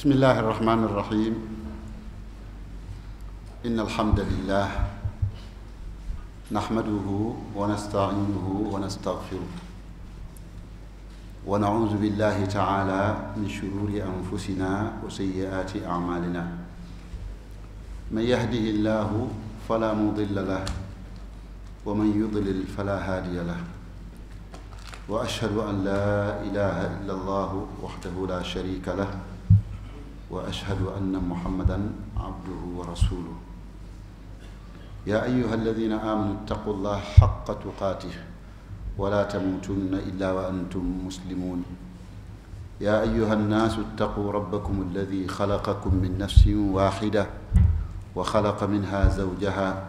بسم الله الرحمن الرحيم إن الحمد لله نحمده ونستعينه ونستغفره ونعوذ بالله تعالى من شرور أنفسنا وسيئات أعمالنا من يهده الله فلا مضل له ومن يضلل فلا هادي له وأشهد أن لا إله إلا الله وحده لا شريك له واشهد ان محمدا عبده ورسوله يا ايها الذين امنوا اتقوا الله حق تقاته ولا تموتن الا وانتم مسلمون يا ايها الناس اتقوا ربكم الذي خلقكم من نفس واحده وخلق منها زوجها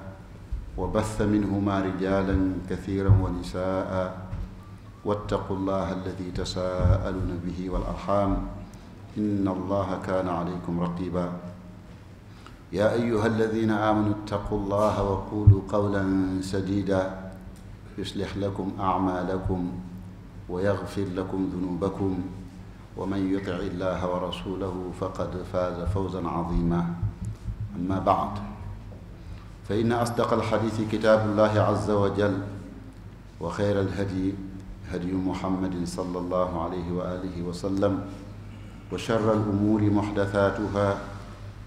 وبث منهما رجالا كثيرا ونساء واتقوا الله الذي تساءلون به والارحام إن الله كان عليكم رقيبا يا أيها الذين آمنوا اتقوا الله وقولوا قولا سديدا يصلح لكم أعمالكم ويغفر لكم ذنوبكم ومن يطع الله ورسوله فقد فاز فوزا عظيما أما بعد فإن أصدق الحديث كتاب الله عز وجل وخير الهدي هدي محمد صلى الله عليه وآله وسلم وشر الأمور محدثاتها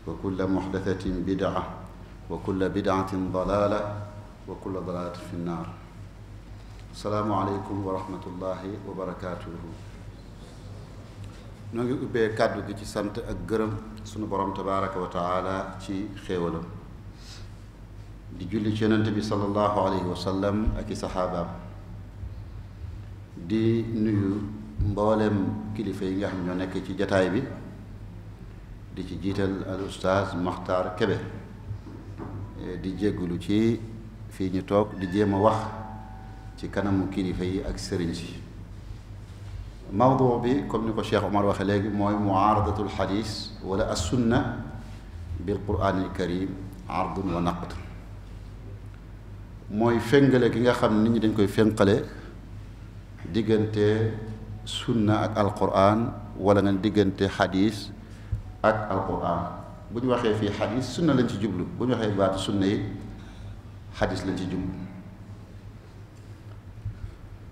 وكل محدثة بدعة وكل بدعة ضلالة وكل ضلالة في النار السلام عليكم ورحمة الله وبركاته نغي اوبي كادو كي سي سانت اك گرم سونو بروم تبارك وتعالى تي خيولا دي جولي سي نانتبي صلى الله عليه وسلم اك صحابه دي نيو mboolem kilifa yi nga xam ñoo nekk ci jotaay bi di ci jiital al oustaz Maxtaar Kebe di jéggulu ci fii ñu toog di jéem wax ci kanamu kilifa yi ak sëriñ si mawduu bi comme ni ko Cheikh Omar waxe léegi mooy muaaradatul xadiis wala as sunna bil karim ardun wa naqd mooy féngale gi nga xam nit ñi dañ koy fénqale diggante sunna ak alquran wala nga diggante xadiis ak alquran bu ñu waxee fii xadis sunna lañ ci jublu bu ñu waxee baatu sunna yi xadis lañ ci jublu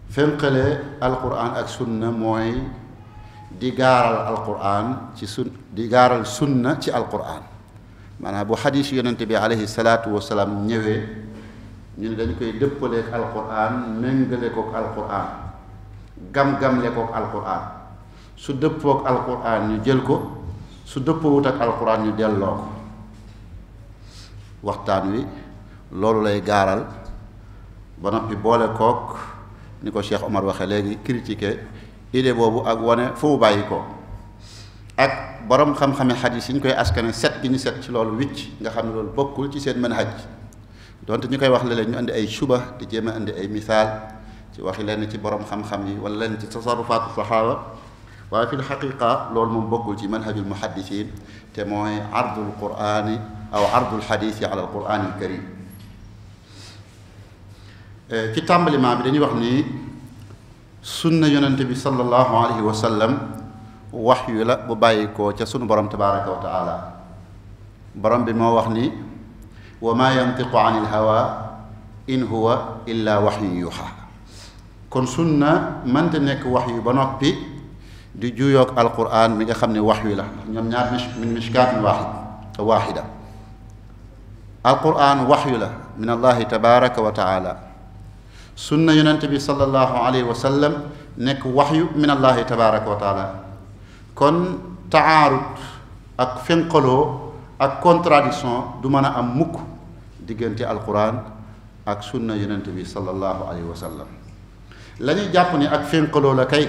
fenqale alquran ak sunna mooy di gaaral alquran ci sun di gaaral sunna ci alquran maanaam bu xadis yonente bi alayhi salaatu salaam ñëwee ñu ne dañ koy dëppaleek alquran méngale kook alquran gam-gamle gam kook alquran su dëppook alquran ñu jël ko su dëppoowut ak alquran ñu delloo ko waxtaan wi loolu lay gaaral ba noppi boole kook ni ko Cheikh Omar waxe léegi critiqué idée boobu ak wane fu mu bàyyi ko ak borom xam-xame xadis yi ñu koy askane set gi ñu set ci loolu wicc nga xam ne loolu bokkul ci seen mën xaj donte ñu koy wax léeg-léeg ñu indi ay suba te jéem a indi ay misaal ci waxi lenn ci borom xam-xam yi wala lenn ci tasarufaatu saxaaba waaye fi lxaqiqa loolu moom bokkul ci manhajul muhaddisin te mooy ardul qurani aw ardul xadisi ala alqurani alkarim ci tàmbaliment bi dañuy wax ni sunna yonente bi sallallahu alayhi wa sallam wax yu la bu bàyyikoo ca sunu borom tabaraka wa taala borom bi moo wax ni wa ma yantiqu an il hawa in huwa illa waxyun yuxa kon sunna man nekk nek wahyu ba nopi di juyok alquran mi nga xamne wahyu la ñom ñaar min mishkat mishkaatin wahida alquran wahyu la min allah tabaarak wa taala sunna yonente bi sallallahu alayhi wa sallam nek wahyu min allah tabaarak wa taala kon ta'arud ak finqalo ak contradiction du meuna am mukk digeenti alquran ak sunna yonente bi sallallahu alayhi wa sallam lañu jàpp ni ak fenk lola kay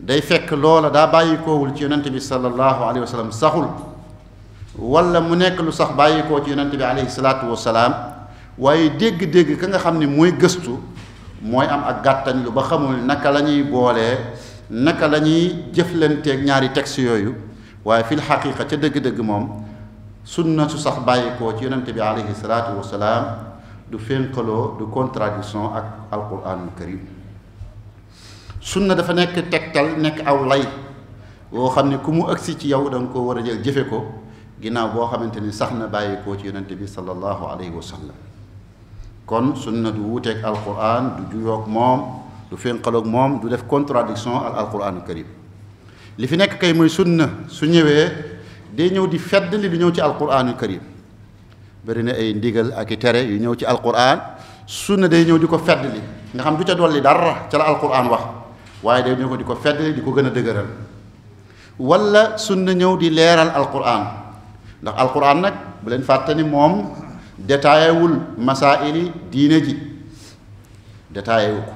day fekk lola da bayiko wul ci yonnati bi sallallahu alayhi wasallam saxul wala mu nek lu sax bayiko ci yonnati bi alayhi salatu wasalam waaye deg deg ka nga xamni moy mooy gëstu mooy am ak gàttañ lu ba xamul naka lañuy bolé naka lañuy ñuy ak ñaari texte yoyu waaye fil haqiqa ci deg deg mom sunna su sax bayiko ci yonnati bi alayhi salatu wasalam du fenkolo du contradiction ak alquran karim sunna dafa nekk tegtal nekk aw lay woo xam ne ku mu agsi ci yow da nga koo war a jël jëfe ko ginnaaw boo xamante ni sax na bàyyi koo ci yonente bi sallallahu alayhi wa sallam kon sunna du wuuteeg alquran du juyoog moom du fénqaloog moom du def contradiction ak alquran karim li fi nekk kay mooy sunna su ñëwee day ñëw di fedd li ñëw ci alquran karim bëri na ay ndigal ak i tere yu ñëw ci alquran sunna day ñëw di ko fedd li nga xam du ca dolli dara ca la alquran wax waaye de ñëw ko di ko fedd di ko gën a dëgëral walla sunna ñëw di leeral alquran ndax alquran nag bu leen fàtte moom détaillé wul masaa'ili diine ji détaillé ko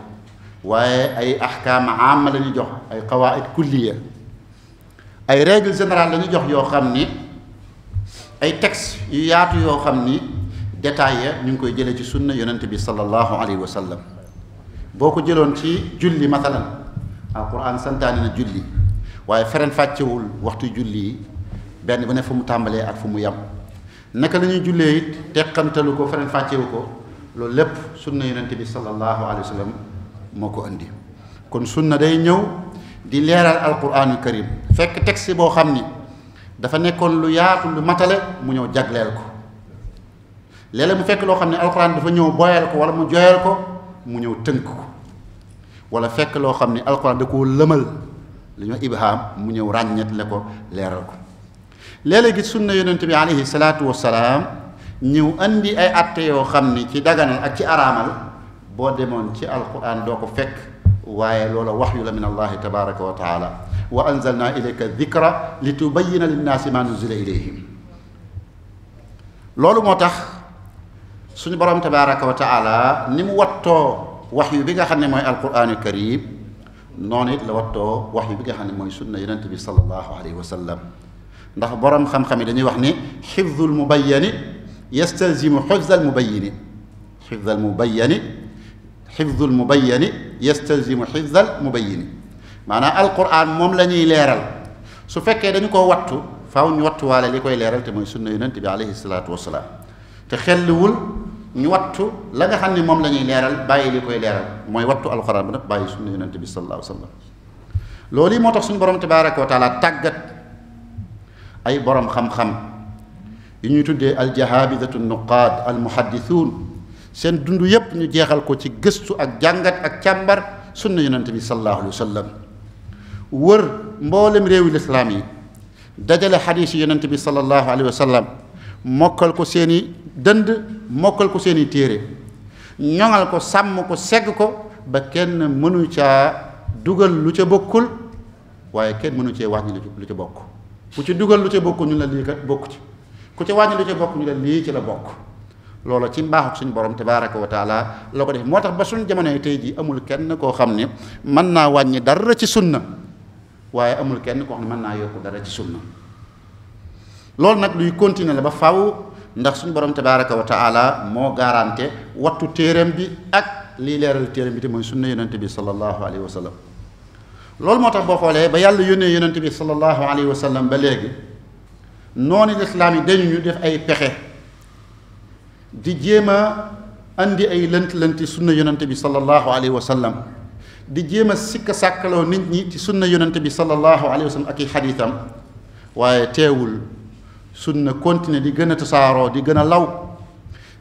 waaye ay ahkaam amma la jox ay qawaid kulliya ay règle générale la jox yoo xam ni ay tex yaatu yoo xam ni détail ya ñu ngi koy jëlee ci sunna yonent bi sallallahu alayhi wa boo ko jëloon ci julli mathalan القران سنتاني جولي واي فرن فاتيول وقت جولي بن بن فمو تامل اك فمو يام نك لا ني جولي تيكانتلو كو فرن فاتيو كو لول لب سنه يونت بي صلى الله عليه وسلم مكو اندي كون سنه داي نيو دي ليرال القران الكريم فك تكسي بو خامني دا فا نيكون لو ياتو لو ماتال مو نيو جاغلل كو ليلا مو لو خامني القران دا فا نيو بويال ولا مو جويال كو مو نيو wala fekk loo xam ne alquran da koo lëmal li ñoo ibham mu ñëw le ko leeral ko léeg-léeg sunna yonente bi alayhi salaatu wasalaam ñëw andi ay atte yoo xam ne ci daganal ak ci araamal boo demoon ci alquran doo ko fekk waaye loola waxyu la min allahi tabaraka wa taala wa anzalna ilayka dhikra li tubayina linnaasi ma nuzila ilayhim loolu moo tax suñu borom tabaraka wa taala ni mu wattoo وحي بيغا خاني موي القران الكريم نونيت لوتو وحي بيغا خاني موي سنه يونت بي صلى الله عليه وسلم ندخ بروم خام خامي داني واخني حفظ المبين يستلزم حفظ المبين حفظ المبين حفظ المبين يستلزم حفظ المبين معنى القران موم لا ني ليرال سو فكيه داني كو واتو فاو ني واتو والا ليكوي ليرال تي موي سنه يونت بي عليه الصلاه والسلام تخلول ñu wattu la nga xam ne moom la ñuy leeral bàyyi li koy leeral mooy wattu alxuraan ba nag bàyyi sunna yonente bi sallallahu alayhi wa sallam loolu yi moo tax suñu borom tabaraka wa taala tàggat ay borom xam-xam yu ñuy tuddee aljahabidatu nuqaad almuhaddithuun seen dund yépp ñu jeexal ko ci gëstu ak jàngat ak càmbar sunna yonente bi sallallahu alayhi wa sallam wër mboolem réewi lislaam yi dajale xadiis yi yonente bi sallallahu alayhi wa sallam mokkal ko seeni dënd mokkal ko seeni téere ñoŋal ko sàmm ko segg ko ba kenn mënu caa dugal lu ca bokkul waaye kenn mënu cee wàññi lu ca bokk ku ci dugal lu ca bokkul ñu la lii kat bokk ci ku ci lu ca bokk ñu la lii ci la bokk loola ci mbaaxuk suñu borom tabaraka wa taala la ko def moo tax ba suñu jamono tey jii amul kenn koo xam ne mën naa wàññi dara ci sunna waaye amul kenn koo xam ne mën naa yokk dara ci sunna loolu nag luy continuer la ba faw ndax suñu borom tabaaraku wa taala mo garanté wattu téeram bi ak li léral téeram bi te moy sunna yonente bi sallallahu alayhi wa sallam lol motax bo xolé ba yàlla yónnee yonente bi sallallahu alayhi wa sallam ba léegi noni l'islam yi dañu ñu def ay pexe di jema andi ay lënt-lënti sunna yonente bi sallallahu alayhi wa sallam di jema sik sakalo nit ñi ci sunna yonente bi sallallahu alayhi wa sallam ak i xadiitam waye teewul sunna continuer di gëna tassaro di gëna law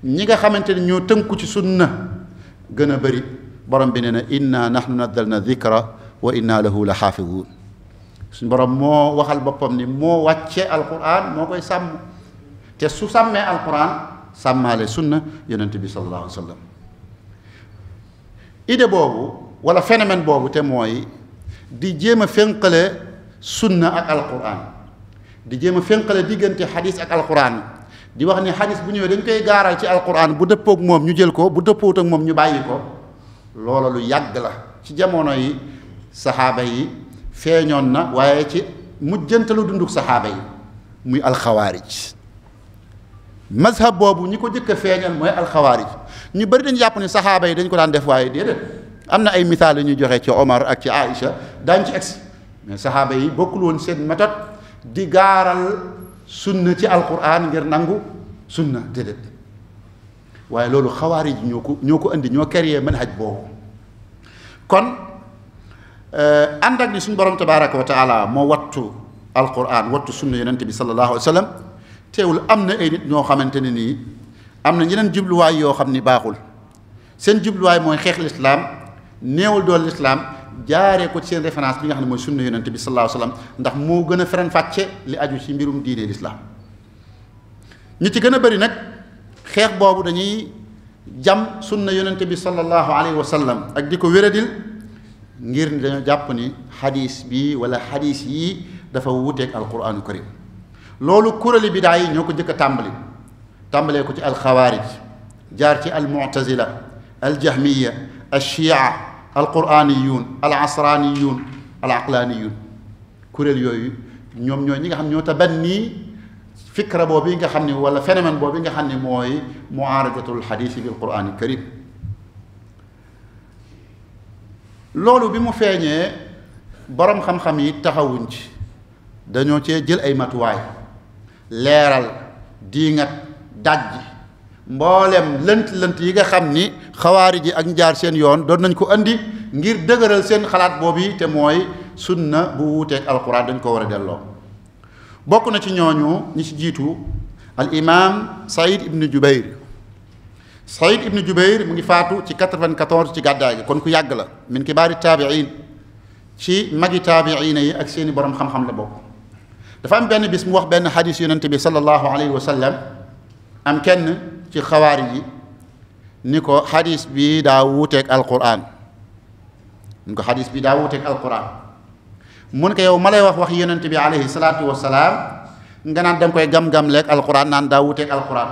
ñi nga xamanteni ñoo tënku ci sunna gëna bari borom bi neena inna nahnu nazzalna dhikra wa inna lahu la xaafizuun suñ borom mo waxal bopam ni mo wàcce alquran mo koy sam te su samme alquran samale sunna yonent bi sallallahu alaihi wasallam ide bobu wala phénomène bobu te moy di jema a sunna ak alquran di jéem a fénqale diggante xadis ak alquran di wax ni xadis bu ñëwee dañ koy gaaral ci alquran bu dëppook moom ñu jël ko bu dëppoowut ak moom ñu bàyyi ko loola lu yàgg la ci jamono yi saxaaba yi feeñoon na waaye ci mujjantalu dunduk saxaaba yi muy alxawaarij mazhab boobu ñi ko jëkk a feeñal mooy alxawaarij ñu bari dañ jàpp ni saxaaba yi dañ ko daan def waaye déedéet am na ay misaal yu ñuy joxe ci Omar ak ci Aïcha daañ ci egsi mais saxaaba yi bokkul woon seen méthode di gaaral sunna ci alquran ngir nangu sunna déedéet waaye loolu xawaari ji ñoo ko ñoo ko indi ñoo créé manhaj boobu kon euh, ànd ak ni suñu borom tabaraka wa taala moo wattu alquran wattu sunna yonente bi sallallahu alayhi wa sallam teewul am na ay nit ñoo xamante ne nii am na ñeneen jubluwaay yoo xam ni baaxul seen jubluwaay mooy xeex lislaam néewal dool lislaam jaare ko ci seen référence bi nga xamne moy mooy sunna yonent bi sallallahu alayhi wasallam ndax mo gëna feren fàcce li aju ci mbirum diine l'islam ñi ci gëna bari nak xex xeex dañuy jam sunna yonent bi sallallahu alayhi wa ak di wéradil ngir ni dañoo jàpp ni xadis bi wala xadis yi dafa wuuteeg alquranu karim loolu kuréeli bidaa yi ñoo tàmbali tàmbalee ko ci alxawaarij jaar ci almutazila aljahmiya alshia القرآنيون العصرانيون العقلانيون كوريل يوي نيوم نيوي نيغا خامني نيو فكره بوبي نيغا خامني ولا فينومن بوبي نيغا خامني موي معارضه الحديث بالقران الكريم لولو بيمو فيغني بروم خام خامي تاخاوونج دانيو تي جيل اي ماتواي ليرال ديغات داجي mboolem lënt lënt yi nga xam ni xawaari ji ak njaar seen yoon doon nañ ko indi ngir dëgëral seen xalaat boobu te mooy sunna bu wuuteeg alquran dañ ko war a delloo bokk na ci ñooñu ñu ci jiitu al imam Saïd ibn Jubayr Saïd ibn Jubayr mu ngi faatu ci 94 ci gàddaay gi kon ku yàgg la min kibaari taabiin ci magi taabiina yi ak seeni borom xam-xam la bokk dafa am benn bis mu wax benn xadis yonente bi sallallahu alayhi wa am kenn ci xawaari yi ni ko xadis bii daa wuuteeg alquran ni ko xadis bi daa wuuteeg alquran mun ko yow ma lay wax wax yonent bi alayhi salaatu wasalaam nga naan da koy gam-gam leeg alquran naan daa wuuteeg alquran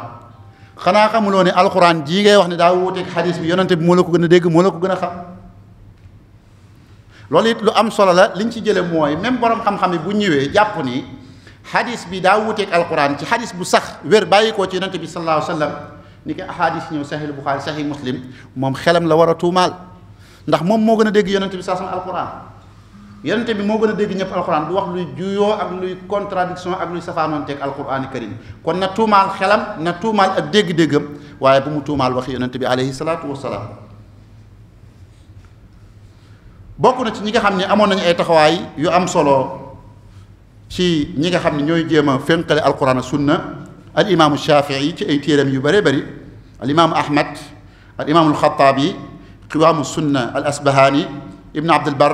xanaa xamuloo ni alquran jii ngay wax ne daa wuuteeg xadis bi yonent bi mu la ko gën a dégg moo la ko gën a xam loolu it lu am solo la liñ ci jële mooy même borom xam-xam yi bu ñëwee jàpp ni xadis bi daa wuteeg alquran ci xadis bu sax wér bàyyi koo ci yonente bi sallallahu alayhi wasallam ni ki ahadis ñëw sahih buxaari sahih muslim moom xelam la war a tuumaal ndax moom moo gën a dégg yonente bi sax sama alquran yonente bi moo gën a dégg ñëpp alquran du wax luy juyoo ak luy contradiction ak luy safaanoonteeg alquran karim kon na tuumaal xelam na tuumaal ak dégg-déggam waaye mu tuumaal waxi yonente bi alayhi salaatu wasalaam na ci ñi nga xam ne amoon nañu ay taxawaay yu am solo ci ñi nga xamni ñoy jema fenkale a alquran sunna al imam shafii ci ay téram yu bari bari al imam ahmad al imam al khattabi qiwam sunna al asbahani ibn abd al bar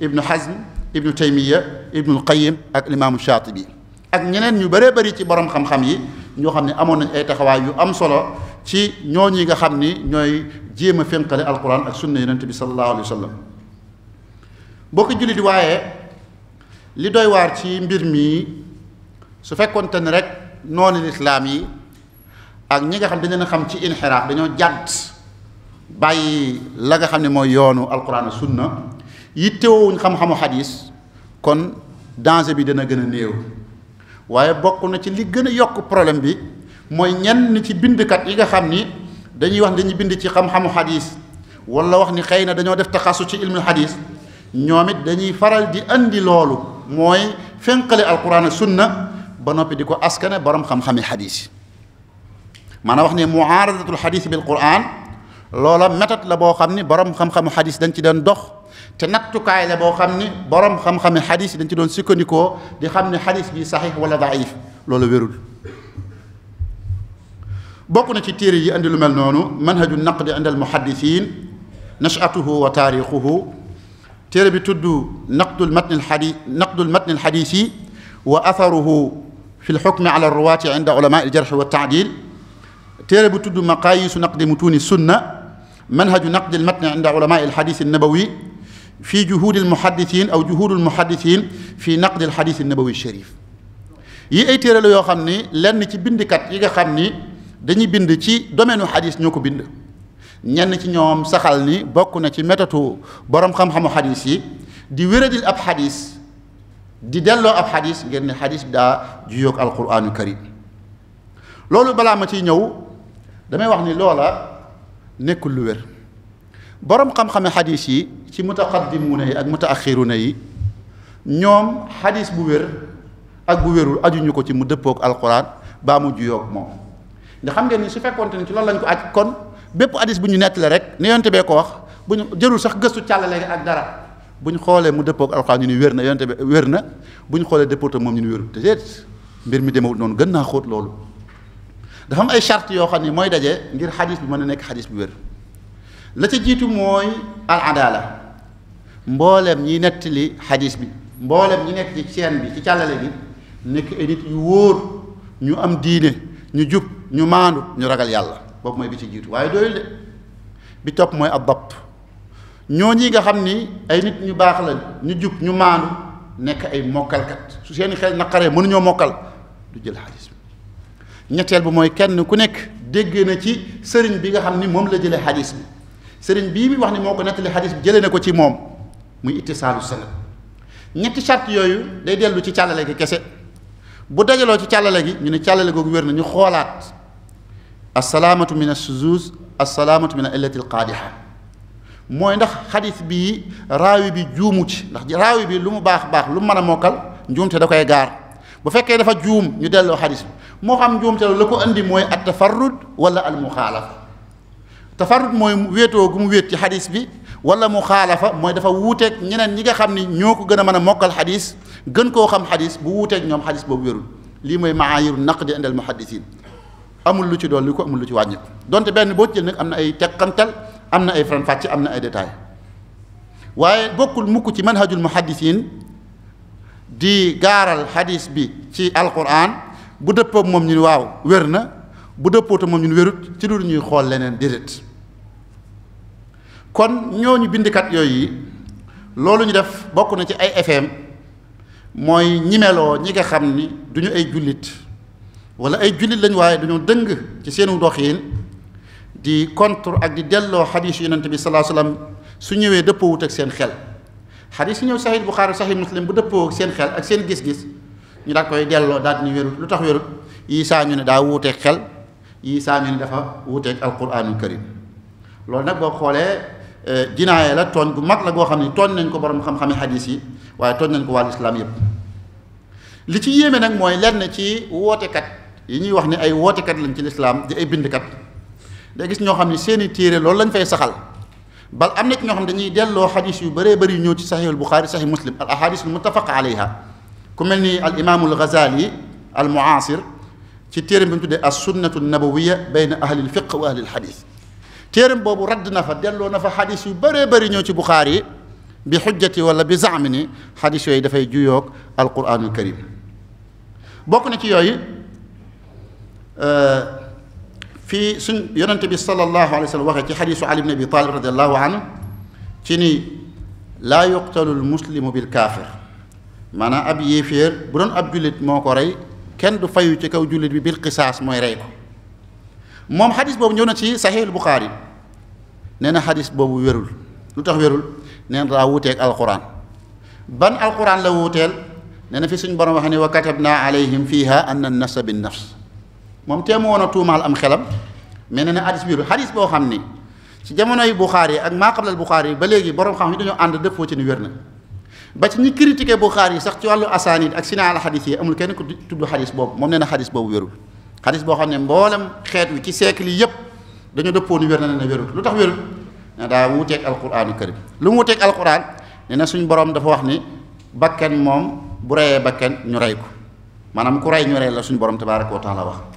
ibn hazm ibnu taymiya al qayyim ak al imam shatibi ak ñeneen ñu bari bari ci borom xam-xam yi ñoo xamni amon nañ ay taxaway yu am solo ci ñooñi nga xamni ñoy jema fenkale a alquran ak sunna yenenbi sallallahu alayhi wasallam bokk boo ko jullit li doy waar ci mbir mi su fekkonte ni rek noonu lislaam yi ak ñi nga xam dañ leen xam ci inxiraaf dañoo jàdd bàyyi la nga xam ne mooy yoonu alquran sunna yittewuñ xam-xamu xadis kon danger bi dana gën a néew waaye bokk na ci li gën a yokk problème bi mooy ñenn ci bindkat yi nga xam ni dañuy wax dañuy bind ci xam-xamu xadis wala wax ni xëy na dañoo def taxasu ci ilmu xadis ñoom it dañuy faral di andi loolu mooy fenqale alquran ak sunna ba noppi di ko askane borom xam-xami xadis maanaam wax ne muaradatul xadis bil quran loola méthode la boo xam ni borom xam-xamu xadis dañ ci doon dox te nattukaay la bo xamni borom xam-xami hadith dañ ci doon sikoniko di xamni hadith bi sahih wala daif loolu wérul bokku na ci téré yi andi lu mel nonu manhajun naqdi inda al muhaddisin nachatuhu wa taarixuhu تيري بتدو نقد المتن الحديث نقد المتن الحديثي واثره في الحكم على الرواة عند علماء الجرح والتعديل تيري بتدو مقاييس نقد متون السنه منهج نقد المتن عند علماء الحديث النبوي في جهود المحدثين او جهود المحدثين في نقد الحديث النبوي الشريف يي اي تيري لو خامني لن سي بند كات ييغا خامني داني بند سي دومينو حديث نيوكو بند ñen ci ñoom saxal ni bokku na ci metatu borom xam-xamu hadith yi di wéradil ab hadith di dello ab hadith ngir ne xadis bi daa juyoog alquraanu karim lolu bala ma ci ñëw damay wax ni lola nekul lu wér borom xam xamu hadith yi ci mutaqaddimuna yi ak mutaakhiruna yi ñoom hadith bu wér ak bu wérul aju ñuko ci mu dëppoog alquran ba mu juyoog moom ndax xam ngeen ni su fekkoonte ci lolu lañ ko acc kon bépp hadis bu ñu nettali rek ne yonte bee ko wax bu ñu jërul sax gëstu càllale ak dara bu ñu xoolee mu dëppoo ak alxuraan ni wér na yonte bi wér na bu ñu xoolee dëppootam moom ñu ni wérul te déet mbir mi demewul noonu gën naa xóot loolu dafa am ay charte yoo xam ni mooy daje ngir hadis bi mën a nekk hadis bu wér la ca jiitu mooy al adala mbooleem ñi nettali hadis bi mbooleem ñi nekk ci chaîne bi ci càllale bi nekk ay nit yu wóor ñu am diine ñu jub ñu maandu ñu ragal yàlla boobu mooy bi ci jiitu waaye doyul de bi topp mooy ab bopp ñooñi nga xam ay nit ñu baax la ñu jub ñu maanu nekk ay mokkalkat su seen xel naqaree mënuñoo mokkal du jël xadis bi ñetteel bi kenn ku nekk déggee na ci sëriñ bi nga xam ni la jëlee xadis bi sëriñ bii bi wax ni moo ko nettali xadis bi jëlee na ko ci moom muy ittisaalu sanad ñetti charte yooyu day dellu ci càllale gi kese bu dajaloo ci càllale gi ñu ne càllale googu wér ñu xoolaat asalaamatu min asuzuz asalaamatu min illati alqaadixa mooy ndax xadis bii raawi bi juumu ci ndax raawi bi lu mu baax baax lu mu mën a mokkal njuumte da koy gaar bu fekkee dafa juum ñu delloo xadis bi moo xam njuumte la ko andi mooy at tafarrud wala al muxaalafa tafarrud mooy wéetoo gu mu wéet ci xadis bi wala muxaalafa mooy dafa wuuteeg ñeneen ñi nga xam ni ñoo ko gën a mën a mokkal xadis gën koo xam xadis bu wuuteeg ñoom xadis boobu wérul lii mooy maayiru naqdi indal muhaddisin amul lu ci doon dolli ko amul lu ci wàññi donte benn boo jël nag am na ay teqantal am na ay faram fàcce am na ay détail waaye bokkul mukk ci manhajul muhaddisiin di gaaral hadis bi ci alquran bu dëppoo moom ñu waaw wér na bu dëppoote moom ñun wérut ci lu ñuy xool leneen déedéet kon ñooñu bindkat yooyu loolu ñu def bokk na ci ay fm mooy ñimeloo ñi nga xam ni duñu ay jullit wala ay jullit lañ waaye dañoo dëng ci seenu doxiin di contre ak di delloo xadiis yu yonent bi salaa salaam su ñëwee wut ak seen xel xadiis yi ñëw saxiix Buxaari saxiix Muslim bu dëppoo seen xel ak seen gis-gis ñu daal koy delloo daal di ñu lu tax wérut yii saa ñu ne daa wuuteeg xel yii saa ñu ne dafa wuuteeg alquraanul karim loolu nag boo xoolee eh, jinaaye la tooñ gu mag la goo xam ne tooñ nañ ko borom xam-xame xadiis yi waaye tooñ nañ ko wàllu islam yëpp li ci yéeme nag mooy lenn ci wootekat. yi ñuy wax ne ay wootekat lañ ci lislaam di ay bindkat day gis ñoo xam ne seeni téere loolu lañ fay saxal bal am na ci ñoo xam ne dañuy delloo xadis yu bëree bëri ñëw ci saxiihul buxaari saxiih muslim al ahadis al muttafaqa alayha ku mel ni al imaamul ghazali al muasir ci téeram bi mu tuddee as sunnatu nabawiya bayna ahlil fiq wa ahlil xadis téeram boobu radd na fa delloo na fa xadis yu bëree bëri ñëw ci buxaari bi xujjati wala bi zaami ni xadis yooyu dafay juyoog al quraanul karim bokk na ci yooyu آه، في سن ينتبه صلى الله عليه وسلم وقت حديث علي بن ابي طالب رضي الله عنه تني لا يقتل المسلم بالكافر مانا اب يفير بران اب جوليت موكو راي كان دو فايو تي كاو جوليت بي بالقصاص موي راي موم حديث بوب نيونا سي صحيح البخاري نينا حديث بوب ويرول لو تخ ويرول نين را ووتيك القران بان القران لا ووتيل نينا في سن بران وخني وكتبنا عليهم فيها ان النفس بالنفس moom tee teemu woon a tuumaal am xelam mais nee na hadis bi hadis boo xam ni ci jamonoy Buxaari yi ak maa qablal Buxaari yi ba léegi borom xam yi dañoo ànd dëppoo ci ni wér na ba ci ñi critiqué Buxaari yi sax ci wàllu asaanid ak sinaa al hadis yi amul kenn ku tudd hadis boobu moom ne na hadis boobu wérul hadis boo xam ne mboolem xeet wi ci siècle yi yëpp dañoo dëppoo ni wér na ne wérul lu tax wérul ne daa wuuteeg alquraanu karim lu mu wuuteeg alquran nee na suñu borom dafa wax ni bakken moom bu reyee bakken ñu rey ko maanaam ku rey ñu la suñu borom tabaaraka wa taala wax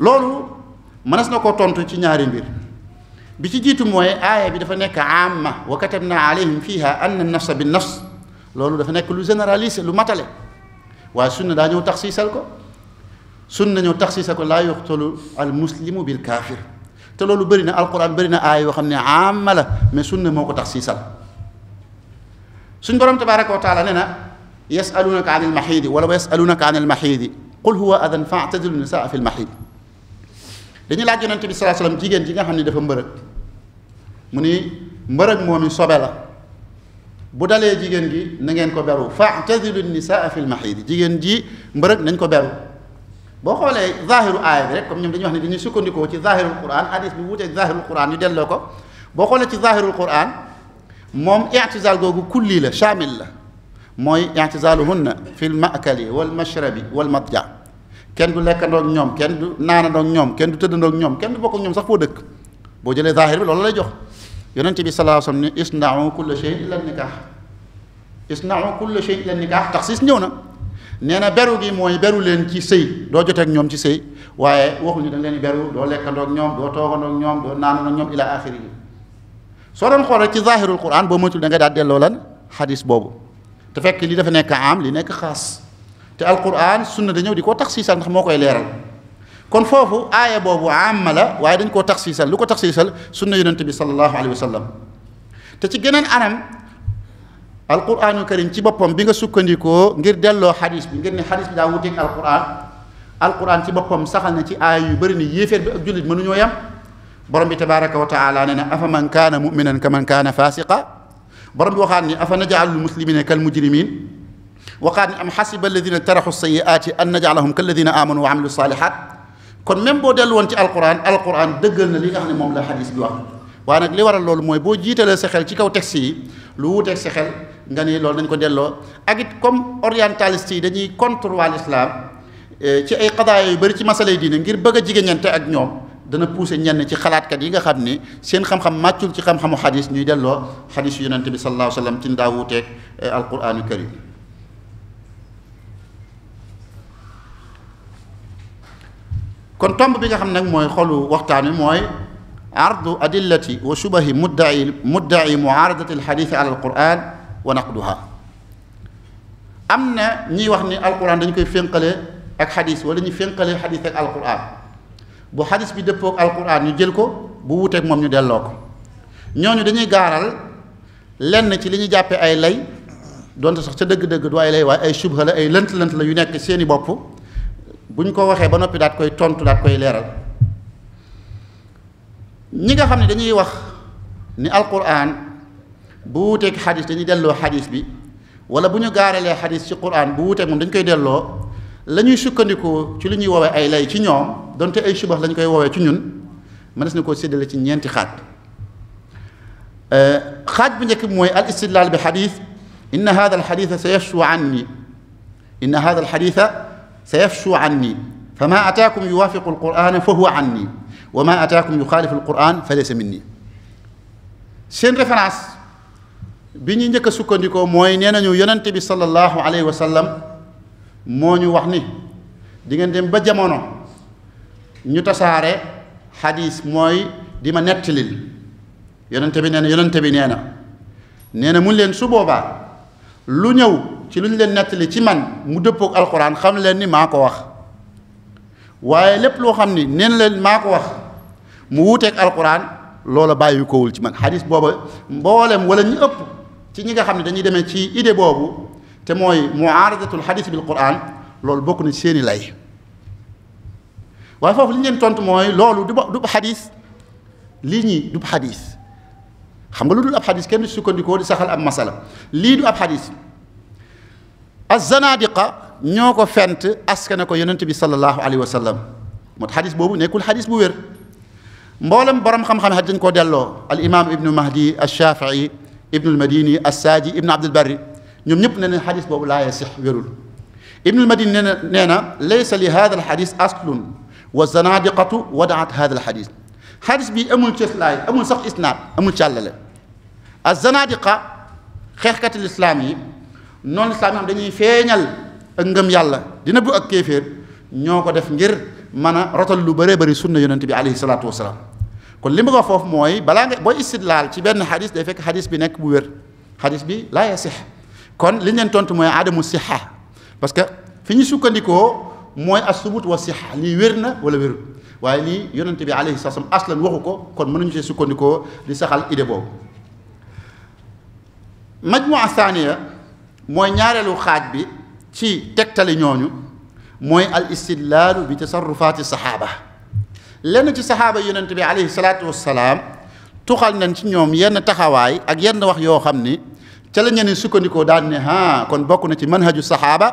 lolu manas nako tontu ci ñaari mbir bi ci jitu moy aya bi dafa nek amma wa katabna alayhim fiha anna nafs bin nafs lolu dafa nek lu généraliste lu matale wa sunna dañu taxisal ko sunna ñu taxisal ko la yuqtalu al muslimu bil kafir te lolu bari na al-quran bari na aya yo xamne amma la mais sunna moko taxisal taxsiisal suñ borom tabaraka wa taala neena yasalunaka 'anil mahidi wala yasalunaka 'anil mahidi maxiidi qul huwa adan faatadilu nisaa fi al dañu laaj yonente bi sallallahu alayhi wasallam jigen ji nga xam ne dafa mbërëg mu ni mbërëg moom sobe la bu dalee jigéen gi na ngeen ko beru faatadilu nisaa fi mahid jigen ji mbeureug nañ ko beru bo xolé zahiru ayat rek comme ñom dañu wax ni dañu sukkandiko ci zahirul quran hadith bi wuuteeg zahirul quran ñu delo ko bo xolé ci zahirul quran mom i'tizal gogu kulli la shamil la mooy i'tizaaluhunna fi mashrabi wal walmadja kenn du lekkandoo ñoom kenn du naanandoo ñoom kenn du tëddandoo ñoom kenn du bokk ak ñoom sax foo dëkk boo jëlee zaahir bi loolu lay jox yonent bi sallallahu alayhi wasallam ne isna'u kulla shay'in illa nikah isna'u kulla shay'in illa nikah taxsiis ñëw na nee na beru gi mooy beru leen ci sëy doo jotee ñoom ci sëy waaye waxul ñu dañ leen beru doo lekkandoo ak ñoom doo toogandoo ak ñoom ñoom ila axiri yi soo doon xool rek ci zaahirul quran boo moytul da ngay daal delloo lan xadis boobu te fekk li dafa nekk am li nekk xaas te alquran sunna da ñëw di ko taxsiisal ndax moo koy leeral kon foofu aaya boobu àmma la waaye dañ koo taxsiisal lu ko taxsiisal sunna yonent bi sallallahu alayhi wa sallam te ci geneen anam alquraanul karim ci boppam bi nga sukkandikoo ngir delloo xadis bi ngir ne xadis bi ci boppam saxal na ci aaya yu bari ni yéeféer bi ak jullit mënuñoo yem borom bi tabaraka wa taala nee na afa man kaana muminan ka man kaana fasiqa borom bi waxaat ni afa najaalul muslimina kal mujrimin وقال ام حسب الذين ترحوا السيئات ان نجعلهم كالذين امنوا وعملوا الصالحات كون ميم بو ديلو وانتي القران القران دغال نا ليغا خني موم لا حديث دي واخ وانا لي ورا لول موي بو جيتال سي خيل سي كاو تكسي لو ووت سي خيل غاني لول نانكو ديلو اكيت كوم اورينتاليستي داني كونتر وال اسلام سي اي قضايا يي بري سي مساله الدين غير بغا جيغنانتي اك نيوم دا نا بوسي نين سي خلات كات ييغا خامني سين خام خام ماتيول سي خام خامو حديث ني ديلو حديث يونس بي صلى الله عليه وسلم تين داووتك القران الكريم kon tomb bi nga xam nak moy xolu waxtani moy ardu adillati wa shubahi muddai muddai mu'aradati alhadith ala alquran wa naqduha amna ñi wax ni alquran dañ koy fénqale ak hadith wala ñi fénqale hadith ak alquran bu hadith bi ak alquran ñu jël ko bu wuté ak mom ñu delo ko ñoñu dañuy garal lenn ci li ñu jàppee ay lay donte sax ca deug deug do ay lay way ay shubha la ay lënt-lënt la yu nekk seeni bop buñ ko waxe ba nopi dat koy tontu dat koy leral ñi nga xamne dañuy wax ni alquran bu wuté ak hadith dañuy delloo hadith bi wala buñu garalé hadith ci quran bu wuté mom dañ koy delloo lañuy sukkandiko ci liñuy wowe ay lay ci ñoom donte ay shubah lañ koy wowe ci ñun man na sédel ci ñenti ñeenti euh xaaj bu ñëk moy al istidlal bi hadith inna hada al xadisa sa yashwa anni inna hada al xadisa سيفشو عني فما أتاكم يوافق القرآن فهو عني وما أتاكم يخالف القرآن فليس مني seen référence bi ñu njëkk a sukkandikoo mooy nee nañu yonente bi sallallahu alayhi wa sallam moo ñu wax ni di ngeen dem ba jamono ñu tasaare xadiis mooy di ma nettalil yonente bi nee na yonente bi nee na nee na mun leen su boobaa lu ñëw ci lu leen nettali ci man mu dëppook alxuraan xam leen ni maa ko wax waaye lépp loo xam ni neen leen maa ko wax mu wuuteeg alxuraan loola bàyyi wul ci man xadis booba mboolem wala ñu ëpp ci ñi nga xam ne dañuy demee ci idée boobu te mooy muaradatul xadis bil quran loolu bokk na seeni lay waaye foofu li ñu leen tontu mooy loolu du du xadis lii ñi du xadis xam nga lu dul ab xadis kenn du sukkandikoo di saxal ab masala lii du ab xadis الزنادقه نيوكو فنت اسكنكو يونتي بي صلى الله عليه وسلم مو حديث بوبو نيكول حديث بوير مبولم بروم خام خام حد نكو ديلو الامام ابن مهدي الشافعي ابن المديني الساجي ابن عبد البر نيوم نيب نين حديث بوبو لا يصح ويرول ابن المديني نينا ليس لهذا الحديث اصل والزنادقه وضعت هذا الحديث حديث بي امول تشيس لاي امول سخ اسناد امول تشالله الزنادقه خيخ كات الاسلامي noonu lislaam am dañuy feeñal ak ngëm yàlla dina bu ak kéeféer ñoo ko def ngir man a rotal lu bëree bëri sunna yonent bi alayhi salaatu wasalaam kon li ma ko foofu mooy balaa nga booy istidlaal ci benn xadis day fekk xadis bi nekk bu wér xadis bi laa yasix kon li ñu leen tontu mooy aadamu sixa parce que fi ñu sukkandikoo mooy asubut wa sixa lii wér na wala wérul waaye lii yonent bi alayhi salaam aslan waxu ko kon mënuñu see sukkandikoo di saxal idée boobu majmua mooy ñaareelu xaaj bi ci tegtali ñooñu mooy al istidlaalu bi tasarrufaati saxaaba lenn ci saxaaba yonent bi alayhi salaatu wassalaam tuxal nañ ci ñoom yenn taxawaay ak yenn wax yoo xam ni ca la ñeneen sukkandikoo daan ne ah kon bokk na ci manhaju saxaaba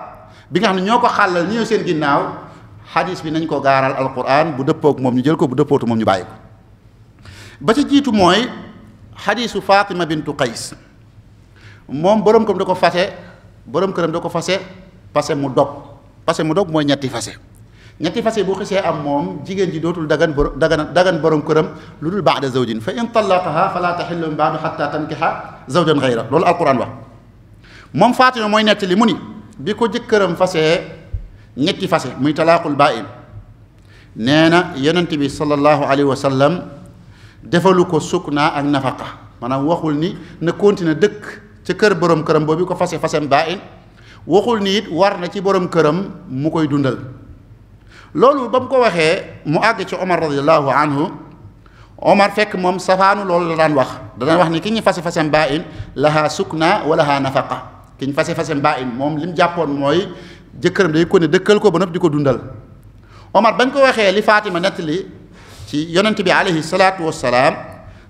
bi nga xam ne ñoo ko xàllal ñëw seen ginnaaw xadis bi nañ ko gaaral alquran bu dëppoog moom ñu jël ko bu dëppootu moom ñu bàyyi ba ci jiitu mooy xadisu Fatima bintu Qays mom borom kam dako ko fase borom këram dako ko fase passé mu dog passé mu dog moy ñetti fase ñetti fase bu xisee am mom jigen ji dotul dagan dagan dagan borom kërëm lulul ba'da zawjin fa in talaqaha fala tahillu min hatta tankaha zawjan ghayra loolu alquran wax mom Fatima moy netti li muni bi ko jëkkëram fase ñetti fase muy talaqul ba'in neena na bi sallallahu alayhi wa sallam defalu sukna ak nafaqa manam waxul ni ne continuer dëkk ca kër borom këram boobu ko fase fasem ba in waxul ni war na ci borom këram mu koy dundal loolu ba mu ko waxee mu àgg ci Omar radiallahu anhu Omar fekk moom safaanu loolu la daan wax da wax ni ki ñu fase fasem ba in lahaa sukna wa lahaa nafaqa ki ñu fase fasem ba in moom li jàppoon mooy jëkkëram day ko ne dëkkal ko ba noppi di ko dundal Omar bañ ko waxee li Fatima nettali ci yonent bi alayhi salaatu wassalaam